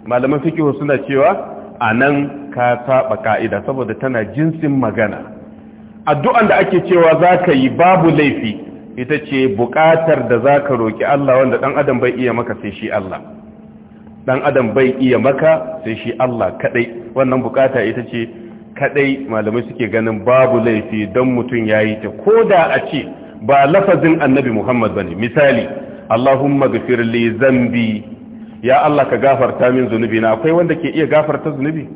malaman fiqh suna cewa anan ka saba ka'ida saboda tana jinsin magana addu'an da ake cewa za ka yi babu laifi ita ce buƙatar da za ka roƙi Allah wanda ɗan adam bai iya maka sai shi Allah ɗan adam bai iya maka sai shi Allah kaɗai wannan buƙata ita ce kaɗai malamai suke ganin babu laifi don mutum ya yi ta ko da a ce ba lafazin annabi muhammad ba ne misali allahumma gafir li zambi ya Allah ka gafarta min zunubi na akwai wanda ke iya gafarta zunubi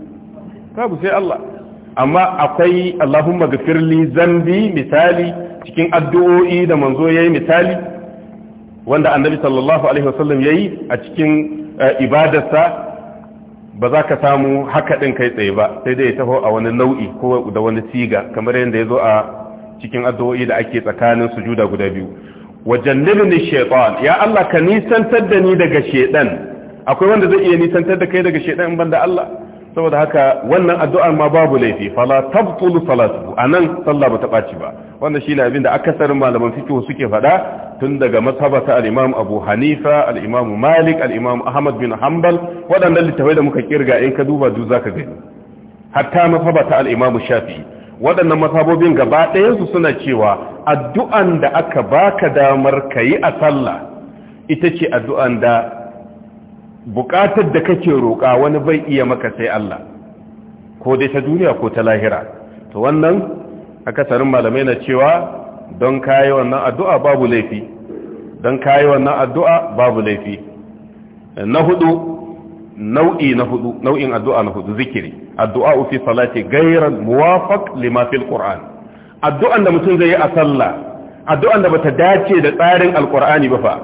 babu sai Allah amma akwai Allahumma gafirli zambi misali cikin addu'o'i da manzo yayi misali wanda annabi sallallahu alaihi wasallam yayi a cikin eh, ibadarsa ba za ka samu haka ɗin kai tsaye ba sai dai ya taho a wani nau'i ko da wani siga kamar yadda ya zo a cikin addu'o'i da ake tsakanin sujuda guda biyu ni shaytan ya Allah ka nisantar da ni daga shaytan akwai wanda zai iya nisantar da kai daga shaytan banda Allah saboda haka wannan addu'ar ma babu laifi fala tabtulu salatu anan sallah bata baci ba wannan shine abin da akasarin malaman fiqh suke faɗa tun daga masabata al-Imam Abu Hanifa al-Imam Malik al-Imam Ahmad bin Hanbal waɗannan littafai da muka kirga in ka duba du zaka gani hatta masabata al-Imam Shafi'i waɗannan masabobin gaba ɗayan su suna cewa addu'an da aka baka damar kayi a sallah ita ce addu'an da bukatar da kake roƙa wani bai iya maka sai Allah ko dai ta duniya ko ta lahira to wannan akasarin malamai na cewa don kayi wannan addu'a babu laifi don kayi wannan addu'a babu laifi na hudu nau'i na hudu nau'in addu'a na hudu zikiri addu'a fi salati gairan muwafaq lima fil qur'an addu'an da mutum zai yi a sallah addu'an da bata dace da tsarin alqur'ani ba fa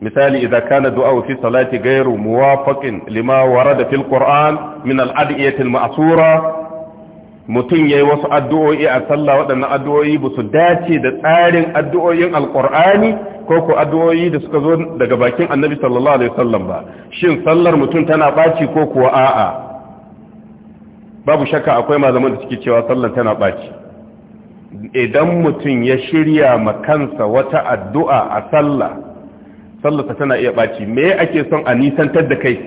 misali idan kana du'a fi salati gairu muwafaqin lima warada fil qur'an min al adiyati al ma'sura mutun yayi wasu addu'o'i a sallah waɗannan addu'o'i ba su dace da tsarin addu'o'in alqur'ani ko ko addu'o'i da suka zo daga bakin annabi sallallahu alaihi wasallam ba shin sallar mutun tana baci ko kuwa a'a babu shakka akwai malaman da suke cewa sallar tana baci idan mutum ya shirya ma kansa wata addu'a a sallah sallarsa tana iya ɓaci me ake son a nisantar da kai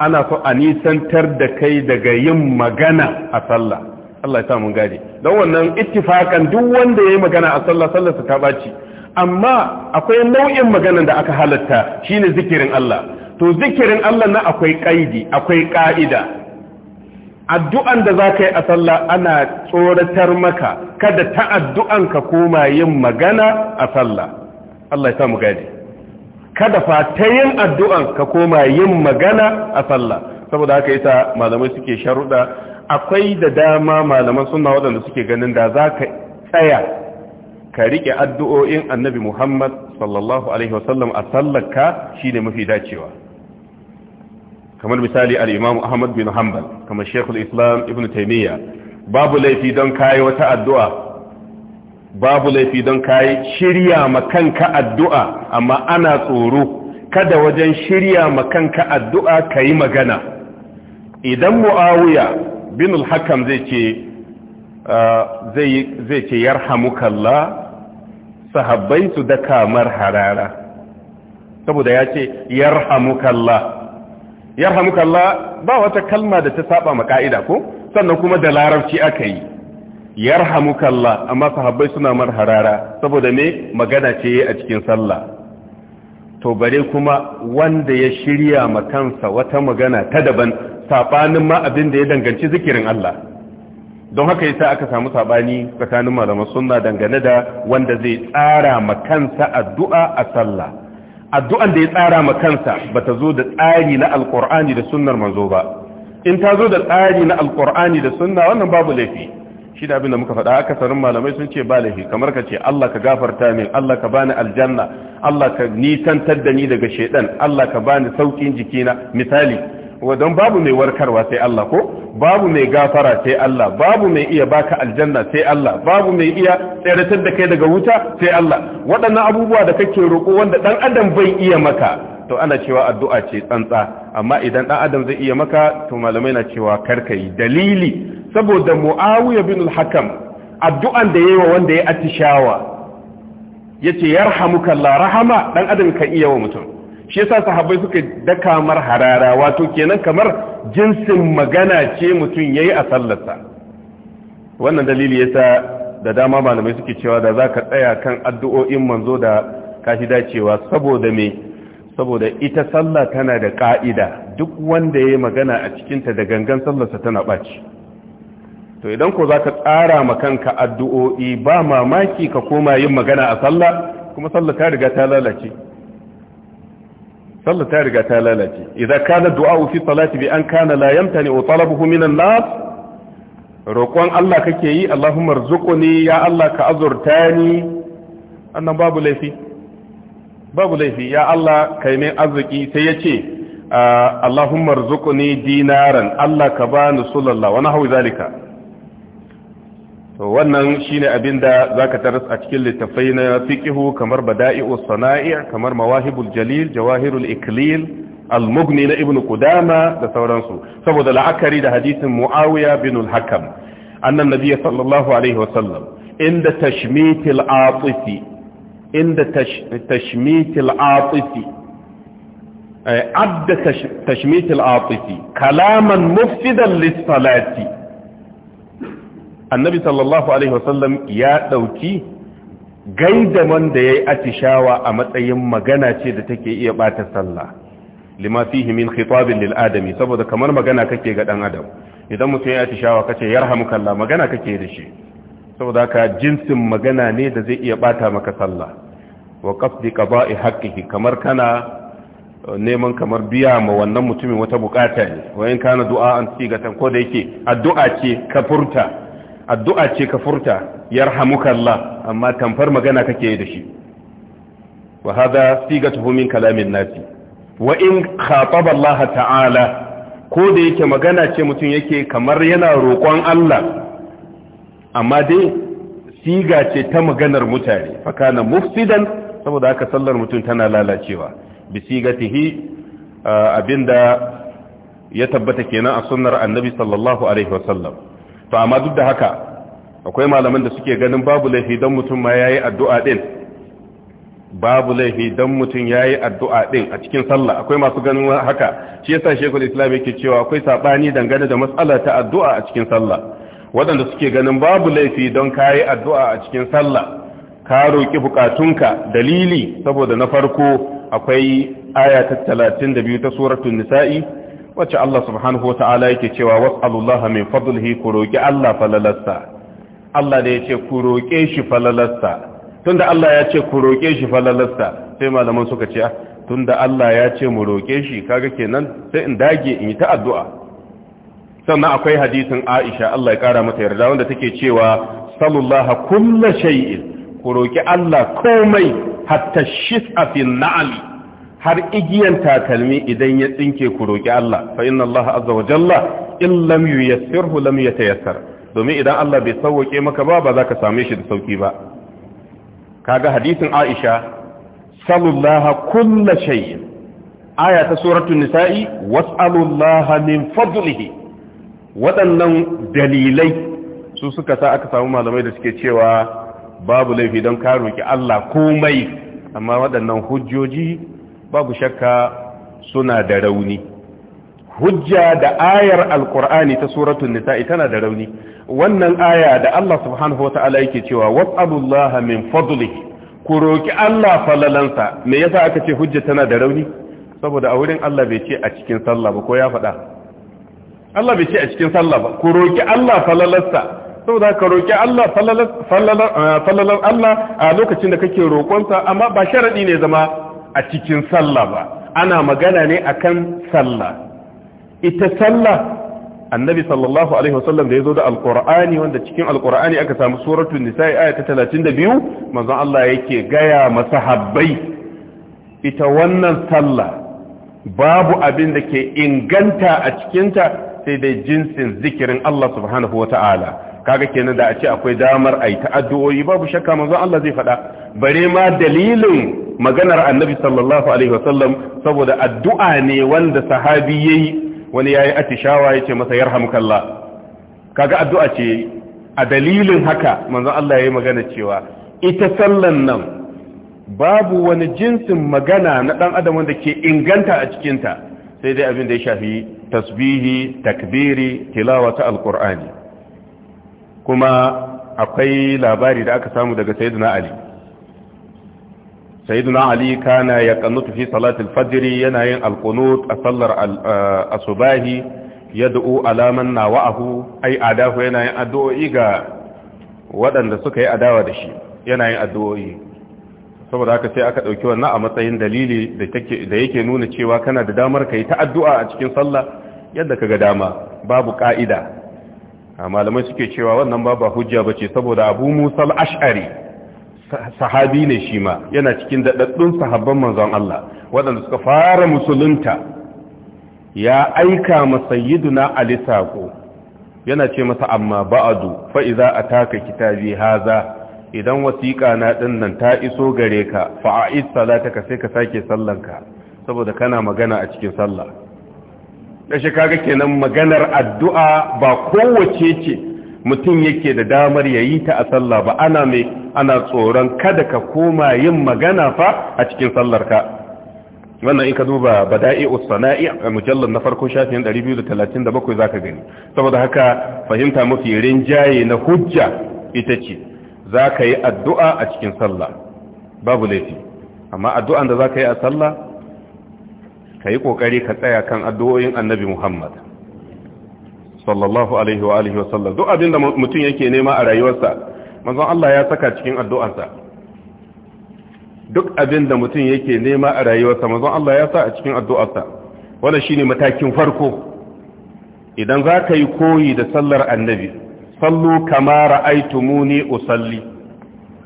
ana son a nisantar da kai daga yin magana a sallah Allah ya sa mun gane don wannan ittifakan duk wanda yayi magana a sallah sallarsa ta ɓaci amma akwai nau'in maganar da aka halatta shine zikirin Allah to zikirin Allah na akwai kaidi akwai ka'ida addu'an da zaka yi a sallah ana tsoratar maka kada ta addu'an ka koma yin magana a sallah Allah ya sa mu gadi kada fa ta yin addu'an ka koma yin magana a sallah saboda haka yasa malamai suke sharuɗa akwai da dama malaman sunna waɗanda suke ganin da za ka tsaya ka riƙe addu'o'in annabi muhammad sallallahu alaihi wasallam a sallaka shi ne mafi dacewa kamar misali al'imamu ahmad bin hanbal kamar shekul islam ibn taimiyya babu laifi don kayi wata addu'a babu laifi don ka yi shirya makanka addu'a amma ana tsoro kada wajen shirya makanka addu'a ka yi magana idan mu'awuya bin al-hakam zai ce ah, zai ce sahabbai su da kamar harara saboda ya ce yar yar kalla ba wata kalma da ta saba ma ka'ida ko sannan kuma da larabci aka yi yarhamukallah amma sahabbai suna marharara harara saboda me magana ce a cikin sallah to bare kuma wanda ya shirya ma kansa wata magana ta daban sabanin ma abin da ya danganci zikirin Allah don haka yasa aka samu sabani tsakanin malaman sunna dangane da wanda zai tsara ma kansa addu'a a sallah addu'an da ya tsara ma kansa bata zo da tsari na alqur'ani da sunnar manzo ba in ta zo da tsari na alqur'ani da sunna wannan babu laifi shi da abin da muka faɗa akasarin malamai sun ce ba laifi kamar ka ce Allah ka gafarta min Allah ka bani aljanna Allah ka nisantar da ni daga shedan Allah ka bani saukin jikina misali don babu mai warkarwa sai Allah ko babu mai gafara sai Allah babu mai iya baka aljanna sai Allah babu mai iya tseratar da kai daga wuta sai Allah waɗannan abubuwa da kake roƙo wanda ɗan adam bai iya maka to ana cewa addu'a ce tsantsa amma idan ɗan adam zai iya maka to malamai na cewa ka yi dalili saboda mu'awiya bin al-hakam addu'an da yayi wa wanda ya atishawa yace yarhamuka Allah rahama ɗan adam kan iya wa mutum shi yasa sahabbai suka daka mar harara wato kenan kamar jinsin magana ce mutum yayi a sallarsa wannan dalili sa da dama malamai suke cewa da zaka tsaya kan addu'o'in manzo da kashi dacewa saboda me saboda ita sallah tana da ka'ida duk wanda yayi magana a cikinta da gangan sallarsa tana baci to idan ko zaka tsara ma kanka addu'o'i ba mamaki ka koma yin magana a sallah kuma sallah ta riga ta lalace sallah ta riga ta lalace idza kana du'a fi salati bi an kana la yamtani wa talabuhu min nas roƙon Allah kake yi Allahumma arzuqni ya Allah ka azurta ni annan babu laifi babu laifi ya Allah kai ne arziki sai yace ah, Allahumma arzuqni dinaran Allah ka bani sulallah wa nahwu zalika to wannan shine abin da zaka taras a cikin littafai na fiqhu kamar bada'i'u sana'i' kamar mawahibul jalil jawahirul iklil al na ibnu qudama da sauransu saboda la'akari da hadisin muawiya bin al-hakam annan nabiyyi sallallahu alaihi wasallam inda tashmitil atifi inda tashmitil atifi adda tashmitil atifi kalaman mufsidan lis-salati annabi sallallahu alaihi wasallam ya ɗauki gaidaman da ya yi atishawa a matsayin magana ce da take iya ɓata sallah lima fihi min khitabin lil adami saboda kamar magana kake ga dan adam idan mutum ya atishawa kace yarhamukallah magana kake da shi saboda haka jinsin magana ne da zai iya bata maka sallah wa qasdi qada'i haqqihi kamar kana uh, neman kamar biya ma wannan mutumin wata bukata ne wayan kana du'a an sigatan ko da yake addu'a ce ka furta addu'a ce ka furta yarhamukallah amma tamfar magana kake da shi wa siga tuhumin kalamin nasi wa in khataba ta'ala ko da yake magana ce mutum yake kamar yana roƙon Allah amma dai siga ce ta maganar mutane fakana mufsidan saboda haka sallar mutum tana lalacewa bi sigatihi ah, abinda ya tabbata kenan a sunnar annabi sallallahu alaihi wasallam to amma duk da haka akwai malaman da suke ganin babu laifi don mutum ma yayi addu'a din babu laifi don mutum yayi addu'a din a cikin sallah akwai masu ganin haka shi yasa shekul islam yake cewa akwai sabani dangane da matsala ta addu'a a cikin sallah waɗanda suke ganin babu laifi don kayi addu'a a cikin sallah ka roƙi bukatunka dalili saboda na farko akwai aya ta 32 ta suratul nisa'i wacce Allah subhanahu wa ta'ala yake cewa was'alullaha min fadlihi ku roki Allah falalarsa Allah ne yace ku roke shi falalarsa tunda Allah ya ce ku roke shi falalarsa sai malaman suka ce ah, tunda Allah ya ce mu roke shi kaga kenan sai in dage in yi ta addu'a sannan akwai hadisin Aisha Allah ya kara mata yarda wanda take cewa sallallahu kullu shay'in ku roki Allah komai hatta shis'a fi na'ali har igiyan takalmi idan ya tsinke ku roki Allah fa inna Allah azza wa jalla in lam yuyassirhu lam yatayassar domin idan Allah bai sauke maka ba ba za ka same shi da sauki ba kaga hadisin Aisha sallallahu kullu shay'in aya ta suratul nisa'i was'alullaha min fadlihi waɗannan dalilai su suka sa aka samu malamai da suke cewa babu laifi don ka roki Allah komai amma waɗannan hujjoji babu shakka suna da rauni hujja da ayar alkur'ani ta suratul nisa'i tana da rauni wannan aya da Allah subhanahu wata'ala yake cewa was'alullaha min fadlihi ku roki Allah falalansa me yasa aka ce hujja tana da rauni saboda a wurin Allah bai ce a cikin sallah ba ko ya faɗa Allah bai ce a cikin sallah ba ku roki Allah falalansa saboda ka roki Allah falalan Allah a lokacin da kake roƙonsa amma ba sharadi ne zama a cikin sallah ba ana magana ne akan sallah ita sallah annabi sallallahu alaihi wasallam da ya zo da alkur'ani wanda cikin alkur'ani aka samu suratul nisa'i aya da 32 manzon Allah yake gaya masahabbai ita wannan sallah babu abin da ke inganta a cikinta sai dai jinsin zikirin Allah subhanahu ta'ala. kaga kenan da a ce akwai damar ai ta addu'o'i babu shakka manzo Allah zai faɗa bare ma dalilin maganar annabi sallallahu alaihi wasallam saboda addu'a ne wanda sahabi yayi wani yayi atishawa yace masa yarhamukallah kaga addu'a ce a dalilin haka manzo Allah yayi magana cewa ita sallan nan babu wani jinsin magana na dan adam wanda ke inganta a cikin ta sai dai abin da ya shafi tasbihi takbiri tilawata alqur'ani kuma akwai labari da aka samu daga sayyiduna ali sayyiduna ali kana ya kanutu fi salatul fajr yana yin alqunut a sallar eh, asubahi yad'u alaman nawahu ai adahu yana yin addu'o'i ga waɗanda suka yi adawa da shi yana yin addu'o'i saboda haka sai aka dauki wannan a matsayin dalili da take da yake nuna cewa kana da damar kai ta addu'a a cikin sallah yadda kaga dama babu ka'ida malamai suke cewa wannan ba ba hujja bace saboda abu musa al-ash'ari sahabi ne shi ma yana cikin daɗaɗɗun sahabban manzon Allah waɗanda suka fara musulunta ya aika ma sayyiduna ali sako yana ce masa amma ba'adu fa idza ataka kitabi haza idan wasiƙa na nan ta iso gare ka fa'id salataka sai ka sake sallanka saboda kana magana a cikin sallah shi kaga kenan maganar addu'a ba kowace ce mutum yake da damar ya yi ta a sallah ba ana mai ana tsoron kada ka koma yin magana fa a cikin sallar ka wannan in ka duba da'i usana'i a mujallar na farko shafin 237 ka gani saboda haka fahimta mafi rinjaye na hujja ita ce za ka yi addu'a a cikin sallah babu laifi amma addu'an da za ka yi a sallah ka yi ƙoƙari ka tsaya kan addu'o'in annabi Muhammad sallallahu alaihi wa alihi wasallam duk abin da mutum yake nema a rayuwarsa manzon Allah ya saka cikin addu'arsa duk abin da mutum yake nema a rayuwarsa manzon Allah ya sa a cikin addu'arsa wannan shine matakin farko idan za ka yi koyi da sallar annabi sallu kama ra'aytumuni usalli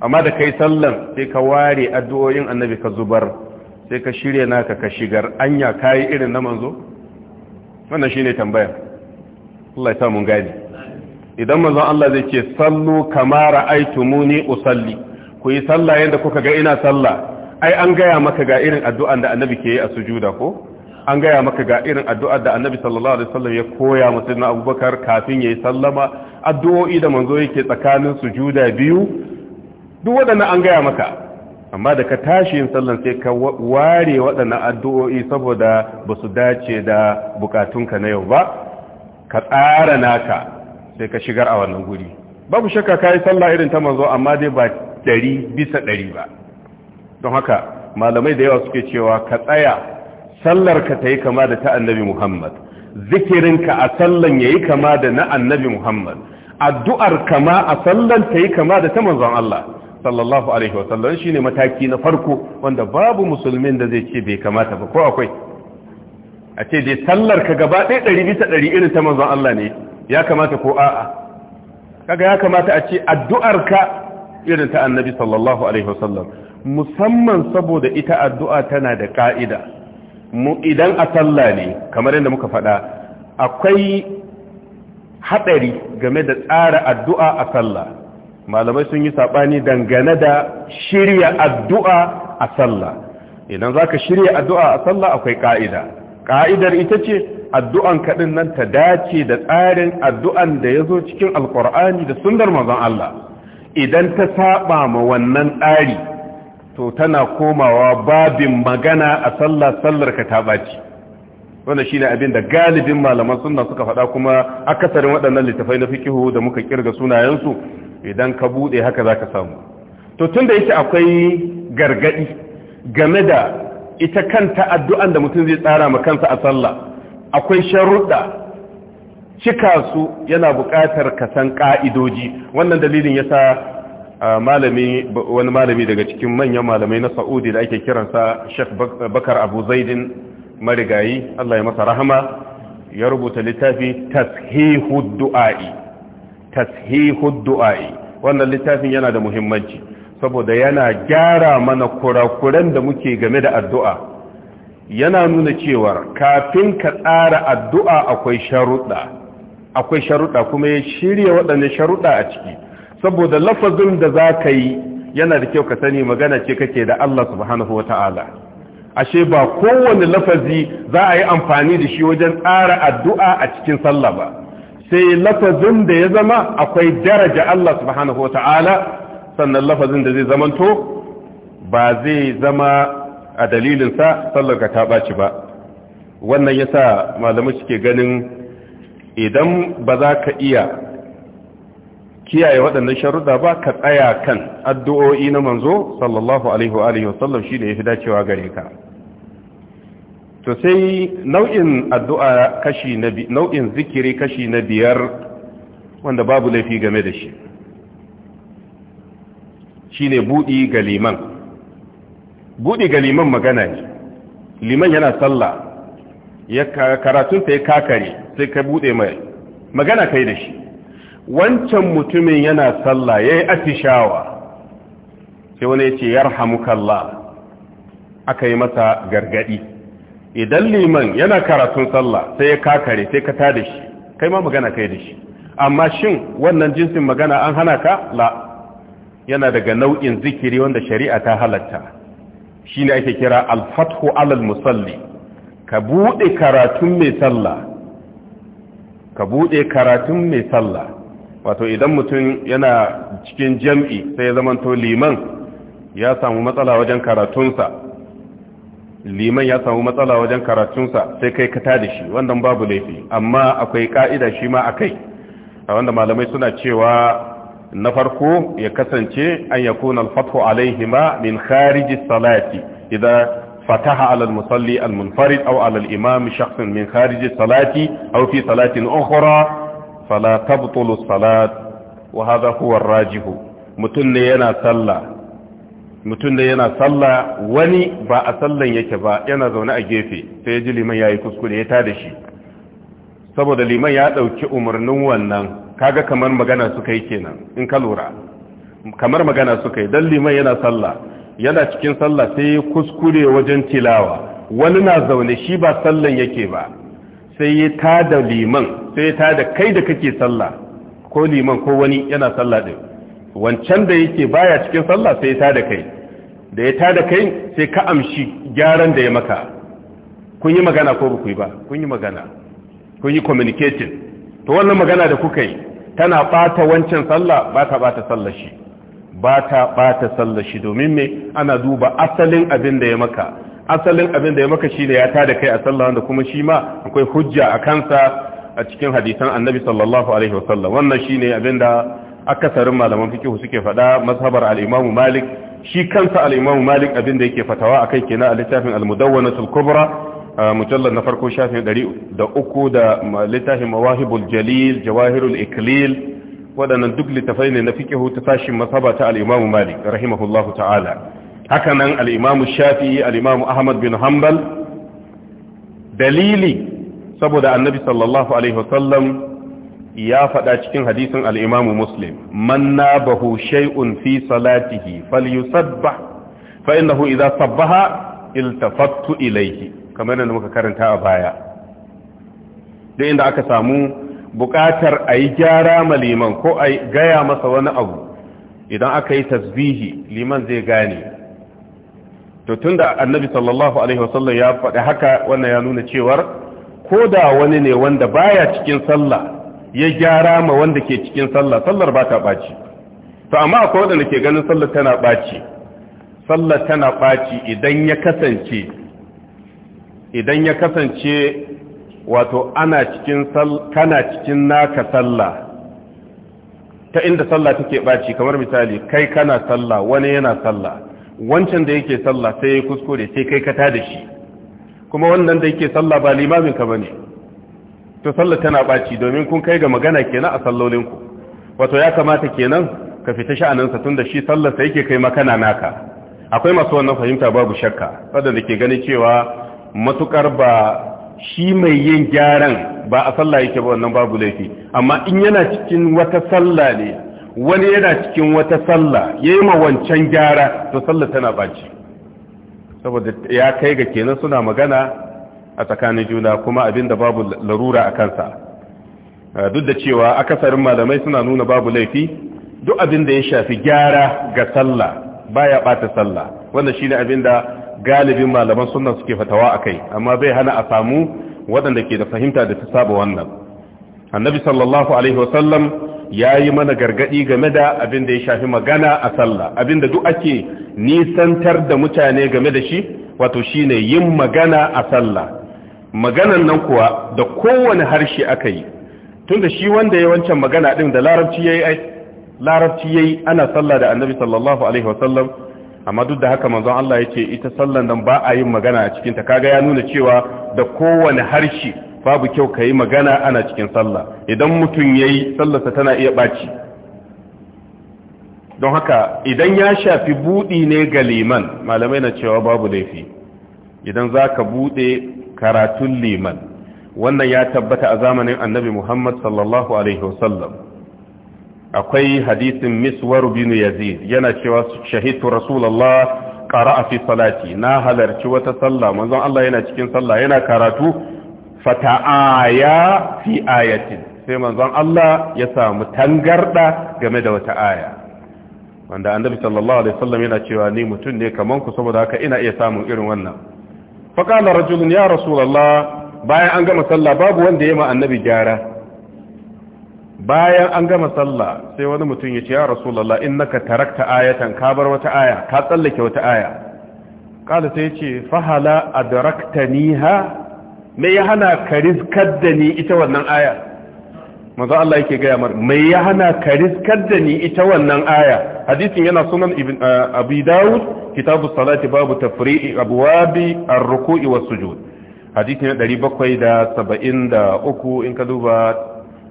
amma da kai sallan sai ka ware addu'o'in annabi ka zubar sai ka shirya naka ka shigar anya kayi irin na manzo wannan shine tambaya Allah ya sa gani idan manzon Allah zai ce sallu kama ra'aytumuni usalli ku yi sallah yanda kuka ga ina salla. ai an gaya maka ga irin addu'an da annabi ke yi a sujuda ko an gaya maka ga irin addu'an da annabi sallallahu alaihi wasallam ya koya mutum na abubakar kafin ya yi sallama addu'o'i da manzo yake tsakanin sujuda biyu duk waɗannan an gaya maka amma da ka tashi yin sallan sai ka ware waɗannan addu'o'i saboda ba su dace da bukatunka na yau ba ka tsara naka sai ka shigar a wannan guri babu shakka ka yi sallah irin ta manzo amma dai ba ɗari bisa ɗari ba don haka malamai da yawa suke cewa ka tsaya sallar ka ta yi kama da ta annabi muhammad ka a sallan ya yi kama da na annabi muhammad addu'ar kama a sallan ta yi kama da ta manzon allah sallallahu alaihi wasallam shine mataki na farko wanda babu musulmin da zai ce bai kamata ba ko akwai a ce dai sallar ka gaba ɗaya ɗari bisa ɗari irin ta manzon Allah ne ya kamata ko a'a kaga ya kamata a ce addu'ar ka irin ta annabi sallallahu alaihi wasallam musamman saboda ita addu'a tana da ka'ida mu idan a sallah ne kamar yadda muka faɗa akwai haɗari game da tsara addu'a a sallah malamai sun yi saɓani dangane da shirya addu'a a sallah idan za ka shirya addu'a a sallah akwai ƙa'ida ƙa'idar ita ce addu'an kaɗin nan ta dace da tsarin addu'an da ya zo cikin alƙur'ani da sundar mazan Allah idan ta saɓa ma wannan tsari to tana komawa babin magana a sallah sallar ka ta ɓaci wanda shine abin da galibin malaman sunna suka faɗa kuma akasarin waɗannan littafai na fikihu da muka kirga sunayensu idan ka bude haka za ka samu to tun da yake akwai gargadi game da ita kanta addu'an da mutum zai tsara ma kansa a sallah akwai sharuɗa cika su yana buƙatar ka san ƙa'idoji wannan dalilin ya sa wani malami daga cikin manyan malamai na Saudi da ake kiransa Sheikh Bakar Abu Zaidin marigayi Allah ya masa rahama ya rubuta littafi tashihu du'a'i tashihud du'a'i wannan littafin yana da muhimmanci saboda yana gyara mana kurakuran da muke game da addu'a yana nuna cewa kafin ka tsara addu'a akwai sharuɗa akwai sharuɗa kuma ya shirya waɗannan sharuɗa a ciki saboda lafazin da za ka yi yana da kyau ka sani magana ce kake da Allah subhanahu wa ta'ala ashe ba kowane lafazi za a yi amfani da shi wajen tsara addu'a a cikin sallah ba sai lafazin da ya zama akwai daraja Allah subhanahu wata'ala sannan lafazin da zai zamanto ba zai zama a dalilin dalilinsa ka ta ɓaci ba wannan ya sa malamai suke ganin idan ba za ka iya kiyaye waɗannan sharuɗa ba ka tsaya kan addu'o'i na manzo sallallahu alaihi wa sallam shi ne ya fi dacewa gare ka to sai nau'in addu'a kashi na nau'in zikiri kashi na biyar wanda babu laifi game da shi shine budi ga liman budi ga liman magana ne liman yana sallah ya karatun sai kakare sai ka bude mai magana kai da shi wancan mutumin yana sallah yayi atishawa sai wani ya ce yarhamukallah aka yi masa gargadi idan liman yana karatun sallah sai ya kakare sai ka tada shi kai ma magana kai da shi amma shin wannan jinsin magana an hana ka la yana daga nau'in zikiri wanda shari'a ta halatta shine ake kira al-fathu alal musalli ka bude karatun mai sallah ka bude karatun mai sallah wato idan mutum yana cikin jam'i sai ya zama zamanto liman ya samu matsala wajen karatunsa liman ya samu matsala wajen karatunsa sai kai ka tada shi wanda babu laifi amma akwai ka'ida shi ma akai a wanda malamai suna cewa na farko ya kasance an yakuna al-fathu alaihima min kharij as-salati idza fataha ala al-musalli al-munfarid aw ala al-imam min kharij as-salati aw fi salatin ukhra fala tabtulu as-salat wa hadha huwa ar-rajih mutun ne yana sallah mutum da yana sallah wani ba a sallan yake ba yana zaune a gefe sai ya ji liman ya yi kuskure ya tada shi saboda liman ya ɗauki umarnin wannan kaga kamar magana suka yi kenan in ka lura kamar magana suka yi don liman yana sallah yana cikin sallah sai ya kuskure wajen tilawa wani na zaune shi ba sallan yake ba sai ya tada liman sai ya tada kai da kake sallah ko liman ko wani yana sallah ɗin wancan da yake baya cikin sallah sai ya tada kai da ya tada kai sai ka amshi gyaran da ya maka kun yi magana ko bakwai yi ba kun yi magana kun yi communicating to wannan magana da kuka yi tana bata wancan sallah ba ta bata sallar shi ba ta bata sallar shi domin me ana duba asalin abin da ya maka asalin abin da ya maka shi ne ya tada kai a sallah wanda kuma shi ma akwai hujja a kansa a cikin hadisan annabi sallallahu alaihi wasallam wannan shine abin da akasarin malaman fikihu suke faɗa mazhabar al-Imam Malik shi kansa al-Imam Malik abin da yake fatawa akai kenan a littafin al-Mudawwanatul Kubra mujallad na farko shafin 300 da uku da littafin Mawahibul Jalil Jawahirul Iklil waɗannan duk littafai ne na fikihu ta tashin mazhaba ta al-Imam Malik rahimahullahu ta'ala haka nan al-Imam Shafi'i al-Imam Ahmad bin Hanbal dalili saboda annabi sallallahu alaihi wasallam ya faɗa cikin hadisin al'imamu muslim man na bahu shay'un fi salatihi falyusabba fa innahu idza sabbaha iltafattu ilayhi kamar yadda muka karanta a baya da inda aka samu buƙatar a yi gyara ma liman ko a gaya masa wani abu idan aka yi tasbihi liman zai gane to tunda annabi sallallahu alaihi wasallam ya faɗi haka wannan ya nuna cewar ko da wani ne wanda baya cikin sallah ya gyara ma wanda ke cikin sallah sallar ba ta ɓaci to amma akwai waɗanda ke ganin sallar tana ɓaci sallar tana ɓaci idan ya kasance idan ya kasance wato ana cikin kana cikin naka sallah ta inda sallah take ɓaci kamar misali kai kana sallah wani yana sallah wancan da yake sallah sai ya kuskure sai kai ka tada shi kuma wannan da yake sallah ba limamin ka bane to sallar tana baci domin kun kai ga magana kenan a sallolin ku wato ya kamata kenan ka fita sha'anin sa da shi sallar sa yake kai makana naka akwai masu wannan fahimta babu shakka wadanda ke gani cewa matukar ba shi mai yin gyaran ba a sallah yake ba wannan babu laifi amma in yana cikin wata sallah ne wani yana cikin wata sallah ya yi wancan gyara to sallar tana baci saboda ya kai ga kenan suna magana a tsakanin juna kuma abin da babu larura a kansa ah, duk da cewa akasarin malamai suna nuna babu laifi duk abin da ya shafi gyara ga sallah baya bata sallah wannan shine abin da galibin malaman sunna suke fatawa akai amma bai hana a samu wadanda ke da fahimta da ta saba wannan annabi sallallahu alaihi wasallam yayi mana gargadi game da abin da ya shafi magana a sallah abin da duk ake nisantar da mutane game da shi wato shine yin magana a sallah maganan nan kuwa da kowane harshe aka yi tunda shi wanda ya wancan magana ɗin da larabci yayi larabci yayi ana sallah da annabi sallallahu alaihi wasallam amma duk da haka manzon Allah ya ce ita sallan nan ba a yin magana a cikin kaga ya nuna cewa da kowane harshe babu kyau ka yi magana ana cikin sallah idan mutum ya yi sallarsa tana iya ɓaci don haka idan ya shafi buɗi ne ga liman malamai na cewa babu laifi idan za ka buɗe karatun liman wannan ya tabbata a zamanin annabi muhammad sallallahu alaihi wasallam akwai hadisin miswar bin yazid yana cewa shahidu rasulullah qara'a fi salati na halarci wata sallah manzon Allah yana cikin sallah yana karatu fata'aya fi ayatin sai manzon Allah ya samu tangarda game da wata aya wanda annabi sallallahu alaihi wasallam yana cewa ni mutum ne kaman ku saboda haka ina iya samun irin wannan faƙala rajulun ya rasulallah bayan an gama sallah babu wanda ya ma annabi gyara bayan an gama sallah sai wani mutum ya ce ya rasulallah naka tarakta ayatan ka bar wata aya ka tsallake wata aya kala sai ce fahala adraktaniha me ya hana ka riskar da ni ita wannan aya manzo Allah yake gaya yamar me ya hana ka riskar da ni ita wannan aya hadisin yana sunan eh, abu dawud kitabu salati babu tafri abu wabi arruku iwa sujud hadisin na ɗari bakwai da saba'in da uku in ka duba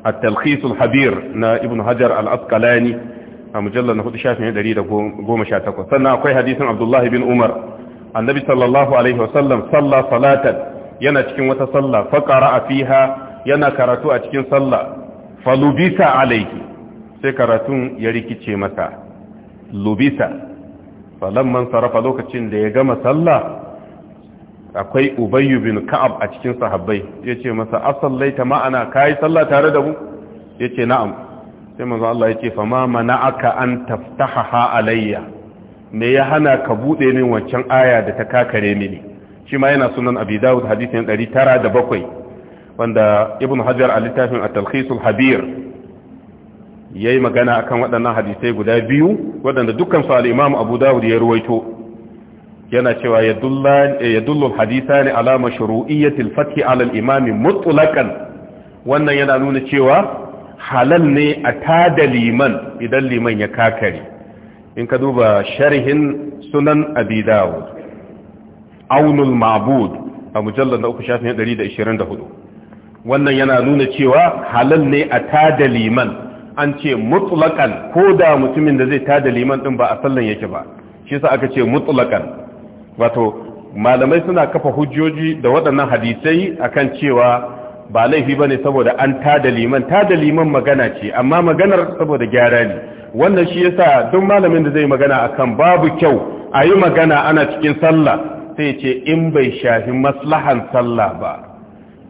a talkhisul habir na ibn hajar al'askalani a mujallar na hudu shafin ya ɗari da goma sha takwas sannan akwai hadisin abdullahi bin umar annabi sallallahu alaihi wasallam salla salatan yana cikin wata salla faƙara a fiha yana karatu a cikin salla falubita alaihi sai karatun ya rikice masa. lubisa falamman sarrafa lokacin da ya gama sallah akwai ubayyu bin ka'ab a cikin sahabbai ya ce masa asallaita ma'ana kayi sallah tare da mu ya ce na'am sai manzo Allah ya ce fa ma mana'aka an taftahaha alayya me ya hana ka bude min wancan aya da ta kakare mini shi ma yana sunan abi tara hadisin 907 wanda ibn hajar a littafin at-talkhisul habir yi magana akan waɗannan hadisai guda biyu waɗanda dukkan su al'imam Abu Dawud ya ruwaito yana cewa yadullu hadisa ne ala mashru'iyyati al-fath ala mutulakan imam wannan yana nuna cewa halal ne a tada liman idan liman ya kakare in ka duba sharhin sunan Abi Dawud aunul ma'bud a mujallar na uku shafin 124 wannan yana nuna cewa halal ne a tada liman an ce mutlaqan ko da mutumin da zai tada liman ɗin ba a sallan yake ba shi sa aka ce mutlaqan wato malamai suna kafa hujjoji da waɗannan hadisai akan cewa ba laifi ba ne saboda an ta da liman tada liman magana ce amma maganar saboda gyara ne wannan shi yasa duk malamin da zai magana akan babu kyau a yi magana ana cikin sallah sai ce in bai shafi maslahan sallah ba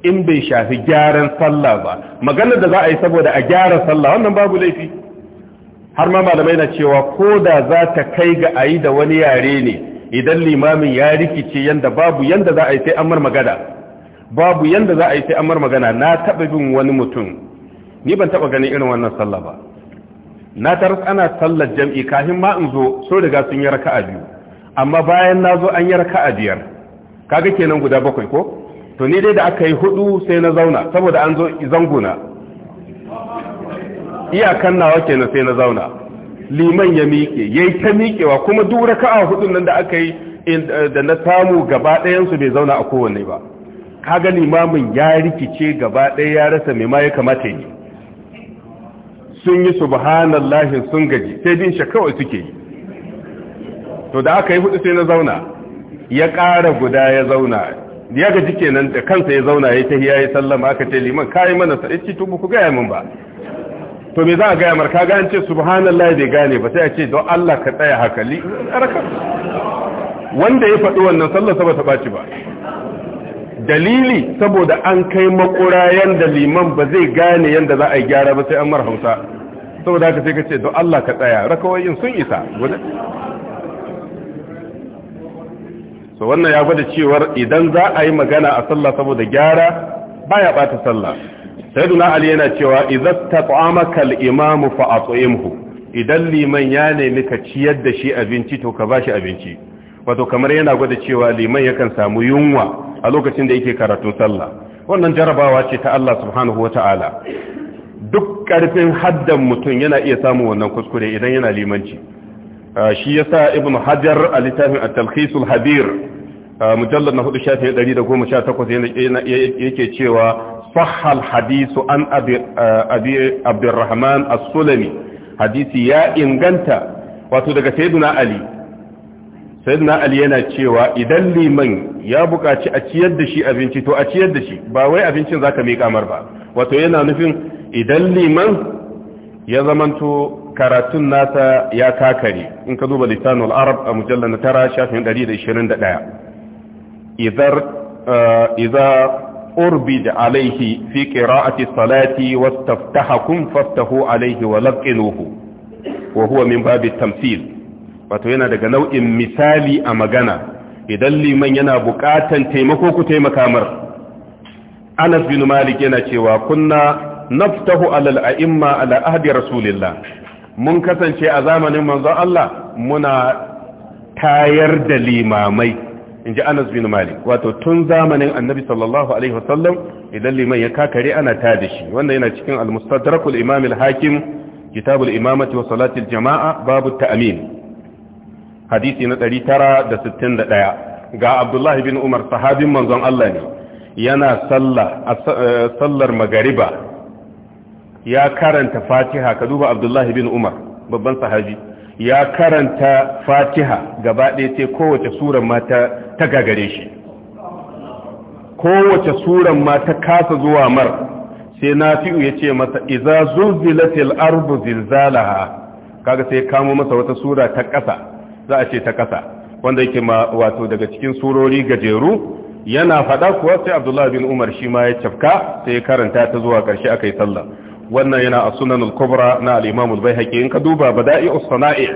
in bai shafi gyaran sallah ba maganar da za a yi saboda a gyara sallah wannan babu laifi har ma malamai na cewa ko da za ta kai ga a yi da wani yare ne idan limamin ya rikice yanda babu yanda za a yi sai amar magana babu yanda za a yi sai amar magana na taɓa bin wani mutum ni ban taɓa ganin irin wannan sallah ba na tar ana sallar jam'i kafin ma in zo so riga sun yi raka'a biyu amma bayan na zo an yi raka'a biyar kaga kenan guda bakwai ko to ni dai da aka yi hudu sai na zauna saboda an zo zanguna iyakan nawa kenan sai na zauna liman ya miƙe yayi ta miƙewa kuma duk raka'a hudu nan da aka yi eh, da na samu gaba ɗayan su bai zauna a kowanne ba kaga limamin ya rikice gaba ɗaya ya rasa mai ma ya kamata yi sun yi subhanallahi sun gaji sai bin shi kawai suke yi to da aka yi hudu sai na zauna ya ƙara guda ya zauna ya ji kenan da kansa ya zauna ya tahiya ya sallama aka ce liman kai mana sa ci to ku gaya min ba to me za a gaya marka ga an ce subhanallahi bai gane ba sai a ce don Allah ka tsaya haka li wanda ya faɗi wannan sallar sa ba ta baci ba dalili saboda an kai makura yanda liman ba zai gane yanda za a yi gyara ba sai an mar hausa saboda haka sai ka ce don Allah ka tsaya rakawoyin sun isa so wannan ya gwada cewar idan za a yi magana a sallah saboda gyara baya bata sallah sayyiduna ali yana cewa idza tat'amaka kal imamu fa idan liman ya nemi ka ciyar da shi abinci to ka bashi abinci wato kamar yana gwada cewa liman yakan samu yunwa a lokacin da yake karatun sallah wannan jarabawa ce ta Allah subhanahu wataala duk ƙarfin haddan mutum yana iya samun wannan kuskure idan yana limanci shi ya sa ibn hajar a littafin a talkhisul hadir mujallar na hudu shafi 118 yake cewa Fahal hadisu an abi abdurrahman as-sulami hadisi ya inganta wato daga sayyidina ali sayyidina ali yana cewa idan liman ya buƙaci a ciyar da shi abinci to a ciyar da shi ba wai abincin zaka miƙa mar ba wato yana nufin idan liman ya zamanto karatun nasa ya kakare in ka duba lisanul arab a mujallar na tara shafin 121 idar urbi da uh, alaihi fi qira'ati salati wastaftahakum faftahu alaihi wa laqinuhu wa huwa min babi tamthil wato yana daga nau'in misali a magana idan liman yana bukatan taimako ku taimaka mar Anas bin Malik yana cewa kunna naftahu alal a'imma ala ahdi rasulillah mun kasance a zamanin manzon Allah muna tayar da limamai in ji anas bin malik wato tun zamanin annabi sallallahu alaihi wasallam idan liman ya kakare ana ta da shi wanda yana cikin almustadrakul mustadrakul imam al kitabul imamati wa salatil jama'a babu ta'min hadisi na 961 ga abdullah bin umar sahabin manzon Allah ne yana eh, sallar magariba ya karanta fatiha ka duba abdullahi bin umar babban sahabi ya karanta fatiha gaba ɗaya ce kowace suran ma ta gagare shi kowace suran ma ta kasa zuwa mar sai na nafi'u ya ce masa iza zulzilatil ardu zilzalaha kaga sai kamo masa wata sura ta ƙasa za a ce ta ƙasa wanda yake ma wato daga cikin surori gajeru yana faɗa kuwa sai abdullahi bin umar shi ma ya cafka sai ya karanta ta zuwa ƙarshe aka yi sallah wannan yana a sunan al-kubra na al-imam al-baihaqi in ka duba bada'i'us sana'i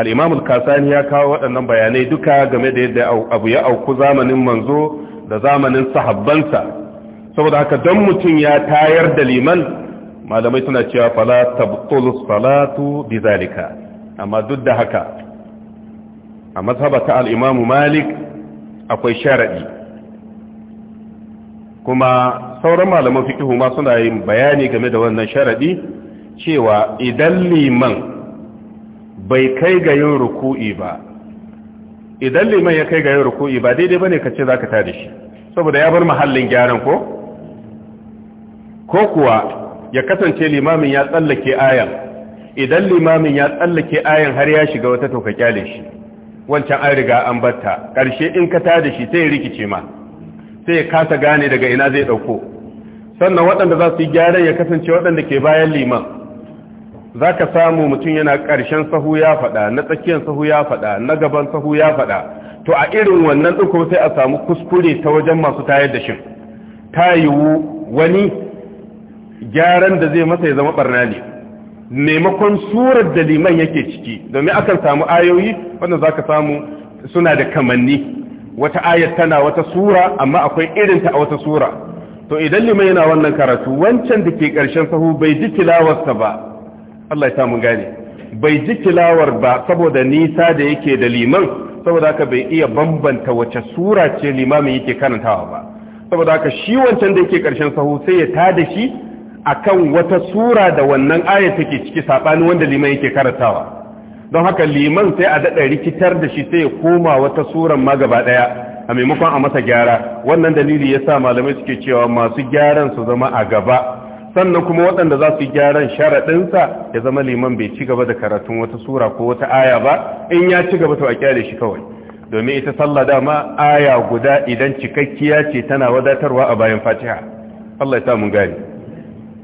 al-imam al-kasani ya kawo waɗannan bayanai duka game da yadda abu ya auku zamanin manzo da zamanin sahabbansa saboda haka dan mutum ya tayar da liman malamai suna cewa fala tabtulu salatu bizalika amma duk da haka a mazhabata al-imam malik akwai sharadi kuma sauran malaman fikihu ma suna yin bayani game da wannan sharadi cewa idan liman bai kai ga yin ruku'i ba idan liman ya kai ga yin ruku'i ba daidai bane kace zaka tada shi saboda ya bar mahallin gyaran ko ko kuwa ya kasance limamin ya tsallake ayan idan limamin ya tsallake ayan har ya shiga wata toka kyale shi wancan an riga an batta karshe in ka tada shi sai rikice ma sai ya kasa gane daga ina zai ɗauko sannan waɗanda za su yi gyaran ya kasance waɗanda ke bayan liman za ka samu mutum yana ƙarshen sahu ya faɗa na tsakiyar sahu ya faɗa na gaban sahu ya faɗa to a irin wannan ɗin sai a samu kuskure ta wajen masu tayar da shin ta yiwu wani gyaran da zai masa ya zama ɓarna ne maimakon surar da liman yake ciki domin akan samu ayoyi wanda za ka samu suna da kamanni wata ayat tana wata sura amma akwai irinta a wata sura to idan liman yana wannan karatu wancan da ke ƙarshen sahu bai ji tilawarsa ba Allah ya samu gane bai ji tilawar ba saboda nisa da yake da liman saboda haka bai iya bambanta wace sura ce limamin yake karantawa ba saboda haka shi wancan da yake ƙarshen sahu sai ya tada shi akan wata sura da wannan ayat take ciki sabani wanda liman yake karantawa don haka liman sai a daɗa rikitar da shi sai ya koma wata suran ma gaba ɗaya a maimakon a masa gyara wannan dalili ya sa malamai suke cewa masu gyaran su zama a gaba sannan kuma waɗanda za su gyaran sharaɗinsa ya zama liman bai ci gaba da karatun wata sura ko wata aya ba in ya ci gaba to a kyale shi kawai domin ita sallah dama aya guda idan cikakkiya ce tana wadatarwa a bayan fatiha Allah ya sa mun gani